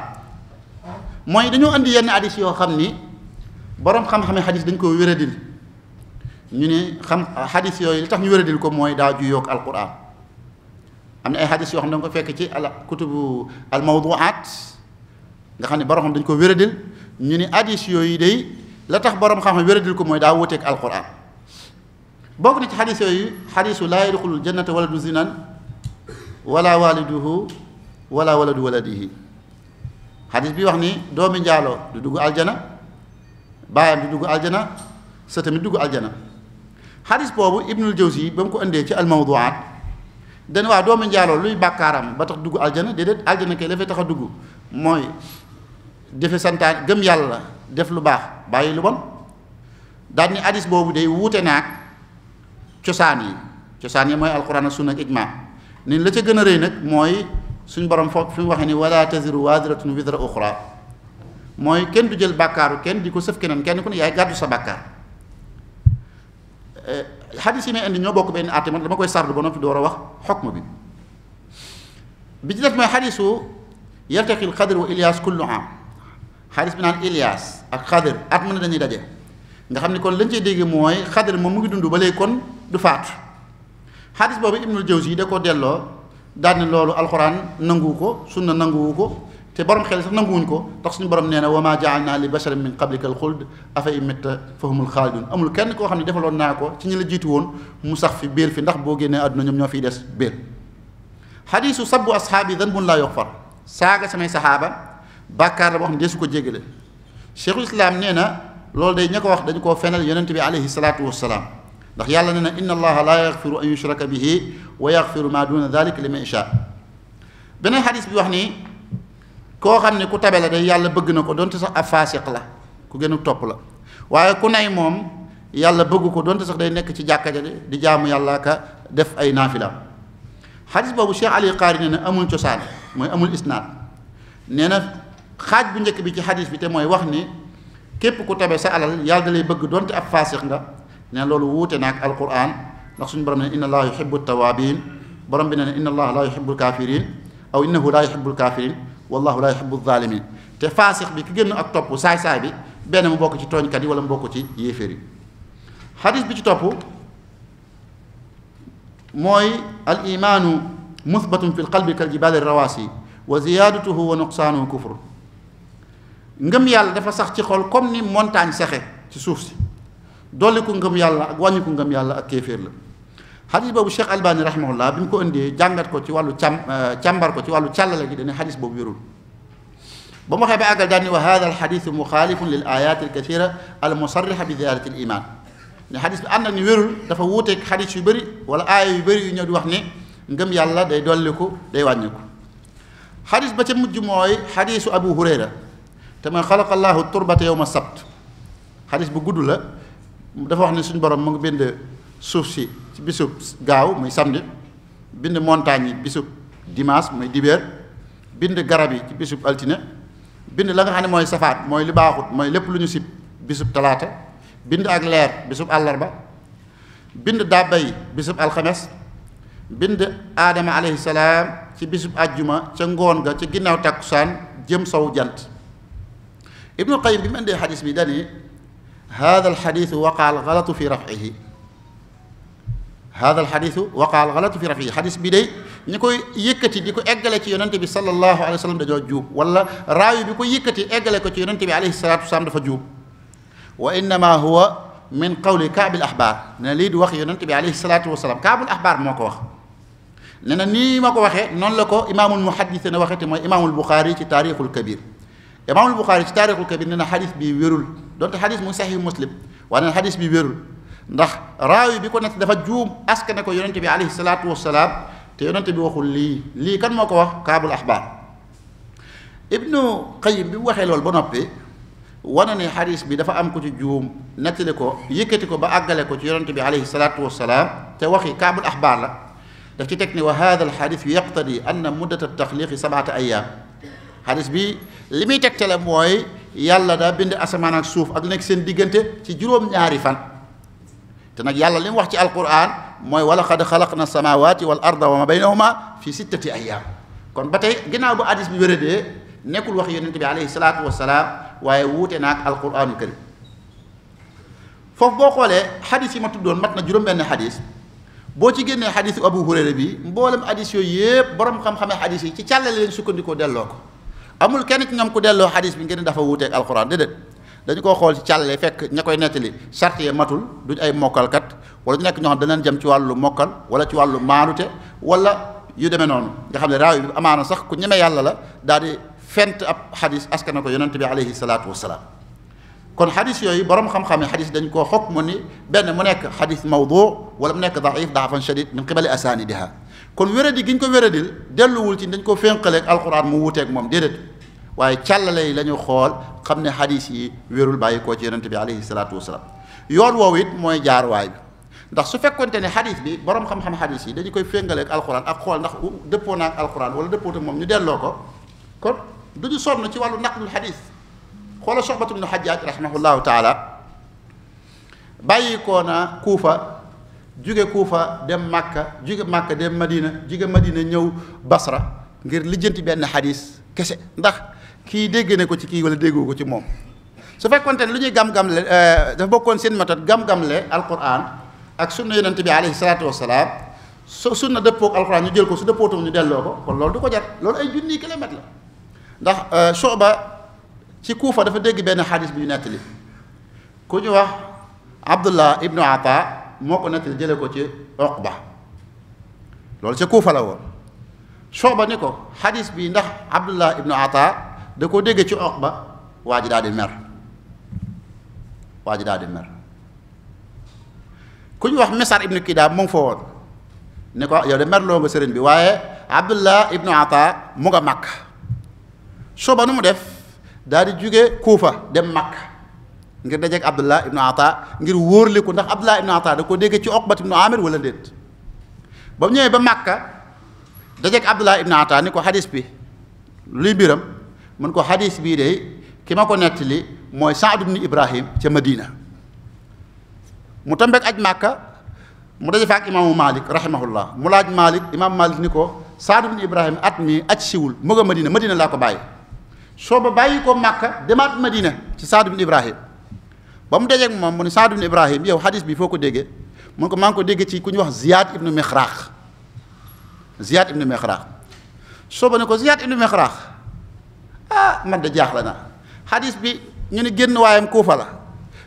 mooy dañoo andi yenn hadith yoo xam ni borom xam-xame hadith dañ ko wéradil ñu ne xam hadith yooyu li tax ñu wéradil ko mooy daa ju yokk al quran am na ay hadith yoo xam ne da nga ko fekk ci al kutubu al mawduat nga xam ne borom xam dañ ko wéradil ñu ne hadith yooyu day la tax borom xam-xam wéradil ko mooy daa wuteeg al quran bokk na ci xadis yooyu xadisu laa yadxulul jannata waladu zinan wala waliduhu wala waladu waladihi xadis bi wax ni doomi njaaloo du dugg aljana baayam du dugg aljana sa tamit dugg aljana xadis boobu ibnul jawzi ba mu ko indee ci almawduat dana waa doomi njaaloo luy bàkkaaram ba tax dugg aljana déedéet aljana kay dafay tax a dugg mooy defe santaan gëm yàlla def lu baax bàyyi lu bon daal ni xadis boobu day wuute naag cosaan yi cosaan yi mooy alquran sunna ak ijma ni la ci gëna a nak moy suñ borom fokk fi mu ni wala taziru wadratun bidra ukhra moy ken du jël bakaru ken diko ko sëf keneen kenn ku ne yaay gàddu sa bàkkaar xadis yi may andi ño bokk ben àtte man dama koy sardu ba noppi door wax hukm bi bi ci def moy xadisu yaltaqi alqadr wa ilyas kullu am xadis bi naan ak qadr at man dañuy daje nga xamni kon lañ cey dégg mooy xadar moom mu ngi dund ba léegi kon du faatu xadis boobu ibnul jawzi da ko delloo daal ne loolu alxuraan nanguwu ko sunna nanguwu ko te borom xel sax nanguwuñ ko tax suñu borom nee na wa maa jaalnaa li basharin min qablika al afa in fahumul fa xaalidun amul kenn koo xam ne defaloon naa ko ci ñi la jiitu woon mu sax fi béer fi ndax boo génnee àdduna ñoom ñoo fiy des béer xadisu sabbu ashaabi danbun laa yuxfar saaga samay saxaaba bàkkaar la boo xam ne deesu ko jéggale cheikhul islam nee na lol day ñako wax dañ ko fenal yonent bi alayhi salatu wassalam ndax yàlla neena inna allaha la yaghfiru an yushraka bihi wa yaghfiru ma dun dalik liman yasha benen hadith bi wax ni ko xamne ku tabe la day yàlla bëgg nako ko donte sax afasiq la ku gënu top la waye ku nay mom yàlla bëgg ko donte sax day nekk ci jàkka ja di jaamu yàlla ka def ay nafila hadith bobu Cheikh Ali qari neena na amul cosaan moy amul isnad neena xaj bu ñëk bi ci hadith bi te moy wax ni كيف كنت بس على يالدلي بقدون تفاسق نا نقول ووت ناك القرآن نقصد برمن إن الله يحب التوابين برمن إن الله لا يحب الكافرين أو إنه لا يحب الكافرين والله لا يحب الظالمين تفاسق بك جن أكتبه ساي ساي بي بينما بوكتي تون كدي ولا بوكتي يفري حديث بيجي موي الإيمان مثبت في القلب كالجبال الرواسي وزيادته ونقصانه كفر ngëm yàlla dafa sax ci xol comme ni montagne saxe ci ci doli ko ngëm yàlla ak ko ngëm yàlla ak kéfer la hadith bobu Cheikh Albani rahimahullah bim ko ëndé jàngat ko ci walu cham chambar ko ci walu càllale gi dane hadith bobu wérul ba xébé agal ba wa hadha alhadith muxaalifun lil ayat alkathira almusarrixa bi ziyarati aliman ni hadith bi ànd ak ni wérul dafa wuuteeg xadis yu bari wala aaya yu bari yu ñëw di wax ni ngëm yàlla day ko day ko hadith ba ci mujj moy hadith abu hurayra te mooy xalaqallaahu turbata yow ma sabt xalis bu gudd la dafa wax ne suñu borom mu ngi bind suuf si ci bisub gaaw muy samedi bind montagne yi bisub dimanche muy dibeer bind garab yi ci bisub altine bind la nga xam ne mooy safaat mooy li baaxut mooy lépp lu ñu sib bisub talaata bind ak leer bisub àllarba bind dàbba yi bisub alxames bind aadama alayhi salaam ci bisub àjjuma ca ngoon ga ca ginnaaw takkusaan jëm sow jant ابن القيم بما عنده حديث بدني هذا الحديث وقع الغلط في رفعه هذا الحديث وقع الغلط في رفعه حديث بدني نيكو يكتي ديكو اغالي تي يونتي صلى الله عليه وسلم دجو جوب ولا راوي بيكو يكتي اغالي كو تي عليه الصلاه والسلام دفا جوب وانما هو من قول كعب الاحبار نليد وخ يونتي بي عليه الصلاه والسلام كعب الاحبار مكو وخ نانا ني مكو وخه امام المحدثين نا امام البخاري في تاريخ الكبير امام البخاري في تاريخ الكبير ان حديث بي ويرول دونت حديث مو صحيح مسلم وانا حديث بي ويرول ندخ راوي بيكون نت دافا جوم اسكنكو يونتي بي عليه الصلاه والسلام تي يونتي بي واخول لي لي كان مكو واخ كاب الاحبار ابن قيم بي واخي لول بو وانا حديث بي دافا ام كوتي جوم نتلكو يكتيكو با اغالكو تي يونتي بي عليه الصلاه والسلام تي واخي كاب الاحبار لا دافتي تكني وهذا الحديث يقتضي ان مده التخليق سبعه ايام حديث بي li muy teg tegtale mooy yàlla daa bind asamaan ak suuf ak nekk seen diggante ci juróom-ñaari fan te nag yàlla li mu wax ci alquran mooy wala xad na samawati wal arda wa ma baynahuma fi sittati ayam kon ba tey ginnaaw bu hadis bi wéradee nekkul wax yonent bi alayhi salaatu wasalaam waaye wuute naag alquranu karim foofu boo xoolee hadis yi ma tuddoon mat na juróom-benn hadis boo ci génnee hadisu abu hurayra bi mboolem hadis yooyu yëpp borom xam-xame hadis yi ci càllale leen delloo ko amul kenn ci ñoom ku delloo hadith bi ngeen dafa wuté ak alxuraan dedet dañ ko xol ci challé fekk ñakoy netali nettali sart matul duñ ay mokal kat wala nek ñoo xam danañ jëm ci walu mokal wala ci walu maanute wala yu démé non nga xamné ne bi amana sax ku ñeme yàlla la daal di fent ab hadith askana ko yonent bi alayhi salatu wassalam kon hadith yoy borom xam-xam hadith dañ ko xokk mu ni ben mu nek hadith mawdu wala mu nek daif daafan shadid min qibali asanidha kon wéradi giñ ñu ko wéradil wul ci dañ ko ak alquran mu wuuteeg moom déedéet waaye càllale yi lañu xol xamné hadith yi wérul bàyyi koo ci yaronte bi alayhi salatu wasalaam yoon wowit moy jaar way bi ndax su fekkonte ne hadith bi borom xam-xam hadith yi dañ koy ak alquran ak xol ndax depo naa ak alquran wala depo te mom ñu delo ko kon duñu sonn ci walu naqlul hadis xoola soxbatu hajjaj xajaaj rahimahullahu taala bayiko na kufa jóge Kuufa dem Màkka jóge Màkka dem Madina jóge Madina ñëw Basra ngir lijjanti benn xadis kese ndax kii dégg na ko ci kii wala déggoo ko ci moom su fekkoonte ne lu ñuy gam-gamle euh, dafa bokkoon seen méthode gam-gamle alquran ak sunna yonente bi alayhi salaatu wasalaam su sunna dëppoog alquran ñu jël ko su dëppootum ñu delloo ko kon loolu du ko jar loolu ay junniy kilomètre la ndax euh, Shuba ci Kuufa dafa dégg benn xadis bi ñu nettali ku ñu wax Abdullah moo ko nettali jële ko ci Uqba loolu ca Kuufa la woon Shuba ni ko xadis bii ndax Abdullah ibnu Ata da ko dégg ci Uqba waa ji daal di mer waa ji daal di mer ku ñu wax Misar ibnu Kidaab mu ngi fa woon ni ko yow de merloo nga sëriñ bi waaye Abdullah ibnu Ata mu nga Makka Shuba nu mu def daal di jóge Kuufa dem Makka ngir dajeeg Abdullah ibnu Ata ngir wóorliku ndax Abdullah ibnu Ata da ko dégg ci Uqbat ibnu Amir wala det bam ñewé ba Màkka dajeeg Abdullah ibnu Ata niko hadith bi luy biram man ko hadith bi de kima ko netti moy sa'd ibn Ibrahim ci medina mu tombeeg aj Màkka mu daje fak imam Malik rahimahullah mu laaj Malik imam Malik niko sa'd ibn Ibrahim atmi aj siwul mo nga medina Madina laa ko baye soo ba bàyyi Màkka demat medina ci sa'd ibn Ibrahim ba mu dajeeg moom mu ne Saad ibn Ibrahim yow hadis bi foo ko déggee mun ko maa ngi ko déggee ci ku ñuy wax Ziyad ibn Mexraax Ziyad ibn Mexraax sooba ne ko Ziyad ibn Mexraax ah man de jaaxle naa bi ñu ne génn waayam Kuufa la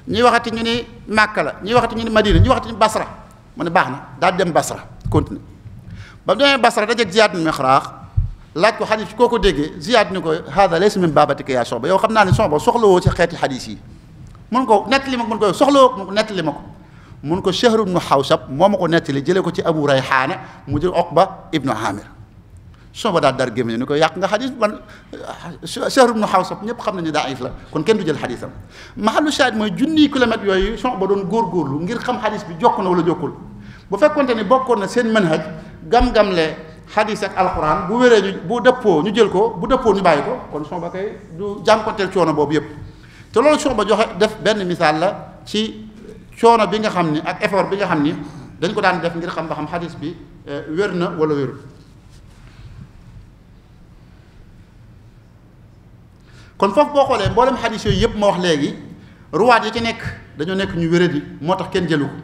ñuy waxati ñu ne Màkka la ñuy waxati ñu ne Madina ñuy waxati ñu Basra mu ne baax na daal dem Basra continue ba mu demee Basra dajeeg Ziyad ibn Mexraax laaj ko hadis koo ko déggee Ziyad ni ko haada laysa min baabatika yaa sooba yow xam naa ne sooba soxlawoo ci xeeti hadis yi. mun ko nettali mako mun ko soxlo mun ko nettali mako mun ko shahru ibnu hawsab momako ma jele ko ci abu rayhana mu jël oqba ibnu so ba daal dar gemi ni ko yak nga hadith man shahru ibnu hawsab ñep xam nañu daif la kon kenn du jël haditham mahallu shahid moy junni mooy yoy so ba don gor gorlu ngir xam hadith bi jokk na wala jokkul bu fekkonte ni bokkoon na seen manhaj gam gam le hadith ak alquran bu wéré ñu bu deppo ñu jël ko bu deppo ñu bayiko kon so ba kay du jankotel coono bobu yëpp te loolu soo ba joxe def benn misaal la ci coono bi nga xam ni ak effort bi nga xam ni dañ ko daan def ngir xam ba xam xadis bi wér na wala wérul kon foofu boo xoolee mboolem xadis yooyu yëpp ma wax léegi ruwaat yi ci nekk dañoo nekk ñu wéradi moo tax kenn jëlu ko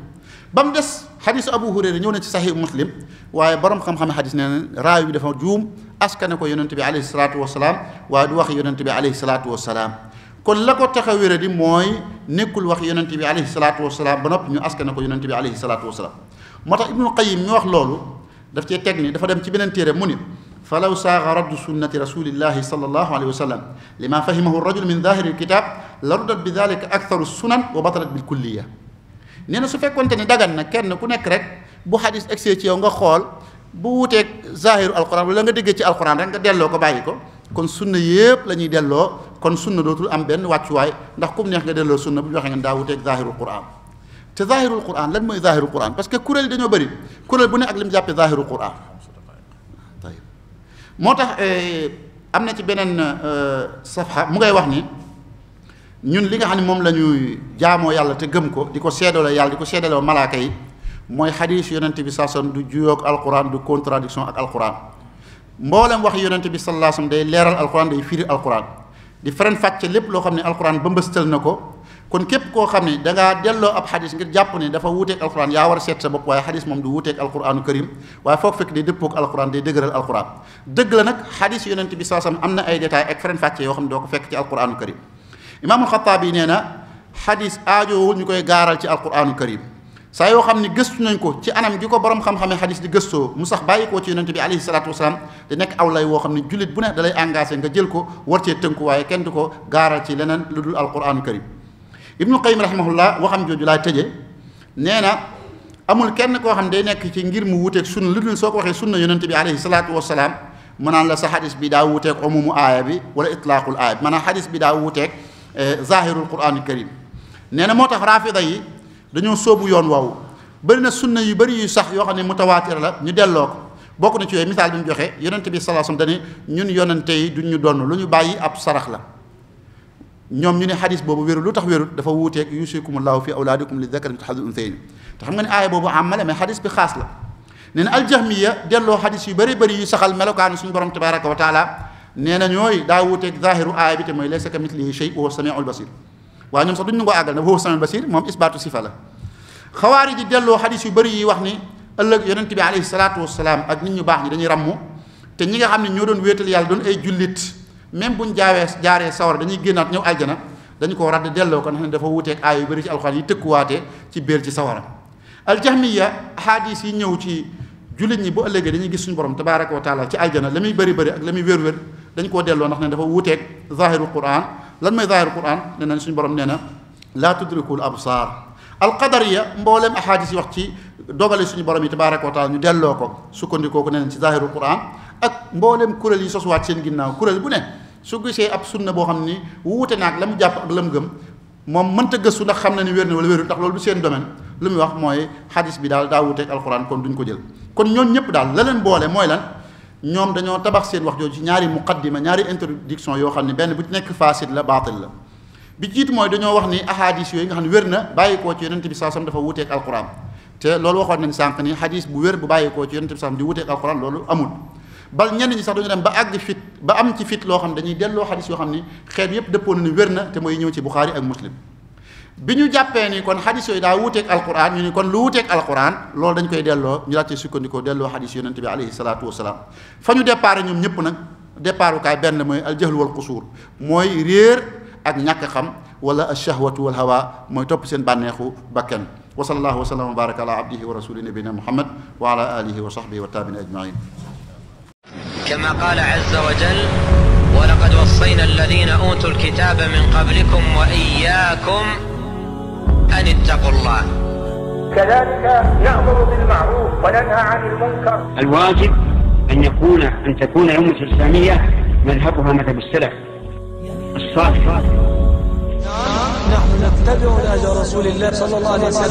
ba mu des xadisu abu hurayra ñëw na ci saxiix muslim waaye borom xam-xam xadis nee na raaw bi dafa juum askane ko yonent bi alayhi salaatu wasalaam waaye du wax yonent bi alayhi salaatu wasalaam kon lako taxawere di moy nekul wax yonnati bi alayhi salatu wassalam ba ñu askane ko yonent bi alayhi salatu wassalam motax ibnu qayyim qayim mi wax lolu daf ci tekni dafa dem ci benen beneen téere mu ni فلو ساغ رد سنة رسول الله صلى الله عليه وسلم لما فهمه الرجل من ظاهر الكتاب لردت sunan wa batalat bil بالكلية neena su fekkonte ni dagan na kenn ku nek rek bu hadith exé ci yow nga xol bu wuté zahir qur'an wala nga déggé ci al-qur'an rek nga delo ko bayiko kon sunna yëpp la ñuy delloo kon sunna dootul am benn wàccuwaay ndax comme neex nga delloo sunna bu ñu waxee ngeen daa wuteeg zahirul quran te zahirul quran lan mooy zahirul quran parce que kuréel yi dañoo bëri kuréel bu ne ak li mu jàppee zahirul quran moo tax eh, am na ci beneen eh, safha mu ngay wax ni ñun li nga xam ne moom la ñuy jaamoo yàlla te gëm ko di ko seedaloo yàlla di ko seedaloo malaaka yi mooy xadiis yonent bi saa du juyoog alquran du contradiction ak mboolem wax yonente bi sallallahu laa wasallam day leeral alquran day firi alquran di feren fàcce lépp loo xam ne alquran ba mbëstal na ko kon képp koo xam ne dangaa delloo ab xadis ngir jàpp ne dafa wuuteeg alquran yaa war a seet sa bopp waaye xadis moom du wuuteeg alquranu karim waaye foog fekk day dëppoog alquran day dëgëral alquran dëgg la nag xadis yonente bi sallallahu alayhi wasallam am na ay détails ak feren fàcce yoo xam ne doo ko fekk ci alquranu karim imaamul xataab yi nee na xadis aajowul ñu koy gaaral ci alquranu karim saa yoo xam ne gëstu nañ ko ci anam gi ko borom xam-xame xadis di gëstoo mu sax bàyyi ko ci yonente bi alayhi salaatu wasalaam di nekk aw lay woo xam ne jullit bu ne dalay engagé nga jël ko war cee tënku waaye kenn du ko gaaral ci leneen lu dul alquranu karim ibnu qayim rahimahullah waxam jooju laa tëje nee na amul kenn koo xam day nekk ci ngir mu wuteeg sunna lu dul soo ko waxee sunna yonente bi alayhi salaatu wasalaam mu naan la sa xadis bi daa wuuteeg umumu aaya bi wala itlaaqul aaya bi maanaam bi daa wuuteeg eh, zahirul quranu karim nee na moo tax raafida dañoo sóobu yoon woowu bari na sunna yu bari yu sax yoo xam ne mutawaatir la ñu delloo ko bokk na ci yooyu misaal bi mu joxe yonente bi sallallahu alayhi wasallam ñun yonente yi duñ ñu donn lu ñu bàyyi ab sarax la ñoom ñu ne xadis boobu wérul lu tax wérul dafa wuuteeg yusikumullahu fi awlaadikum li zakari mithlu hadhil te xam nga ne aaya boobu am mais xadis bi xaas la na aljahmiya delloo xadis yu yu saxal melokaanu suñu borom tabaraka wa taala nee na ñooy daa wuuteeg zahiru aaya bi te mooy laysa kamithlihi shay'un wa samiul basir وانيم صدق نقول أقل نبوه سلم البصير مم إثبات صفلا خوارج دلوا حديث بري وحني الله ينتبه عليه الصلاة والسلام أدنى يباهني دنيا رمو تنيجا هم نيودون ويتل يالدون أي جلدت مم بون جاريس جاريس سوار دنيا جنات نيو أجنا دنيا كورات دلوا كان هندفع وتك أي بريش الخالي تكواته تبيرج سوار الجهمية حديث نيو تي جلدت نبو الله جدنا جسون برم تبارك وتعالى تأجنا لمي بري بري لمي وير وير دنيا كودلوا نحن هندفع وتك ظاهر القرآن lan mooy zaahiru quran nee nañ suñu borom nee na laa tudrikul absaar alqadariya a ahadis yi wax ci dogale suñu borom yi tabaaraka wa taala ñu delloo ko sukkandikoo ko nee nañ ci zaahiru quran ak mboolem kuréel yi sosuwaat seen ginnaaw kuréel bu ne su gisee ab sunna boo xam ni wuute naag la mu jàpp ak la mu gëm moom mënta gëstu ndax xam na ni wér na wala wéru ndax loolu du seen domaine lu mu wax mooy xadis bi daal daa wuuteeg alquran kon duñ ko jël kon ñoon ñëpp daal la leen mooy lan ñom dañu tabax seen wax jooju ñaari muqaddima ñaari introduction yo xamni ben bu ci nek fasid la batil la bi jiit moy dañu wax ni ahadith yo nga xamni werna bayiko ci bàyyikoo ci yonent bi saasam dafa wuuteeg alquran te loolu waxon nañ sank ni hadith bu wér bu bayiko ci sallallahu alayhi wasallam di wuuteeg alquran loolu amul bal ñen ñi sax dañu dem ba ag fit ba am ci fit lo xamni dañuy delo hadith yo xamni ni xeet yépp dëppoo ni werna te moy ñëw ci bukhari ak muslim biñu jappé ni kon hadith yi da wuté ak alquran ñu ni kon lu wuté ak alquran lool dañ koy delloo ñu daal ci sukkandikoo delloo xadis yonente bi alayhi salaatu fañu fa ñu départ ñoom ñëpp nag départukaay benn mooy aljahlu wal qusur moy réer ak ñak xam wala alshahwatu wal hawa moy top seen banexu bakkan wa sallallahu wa sallam baraka ala abdihi wa rasuli nabina muhammad wa ala alihi wa sahbihi wa tabi'in ajmain كما قال عز وجل ولقد وصينا الذين اوتوا الكتاب من قبلكم واياكم أن اتقوا الله كذلك نأمر بالمعروف وننهى عن المنكر الواجب أن يكون أن تكون الأمة الإسلامية مذهبها مذهب السلف الصالح نعم نحن نتبع أجر رسول الله صلى الله عليه وسلم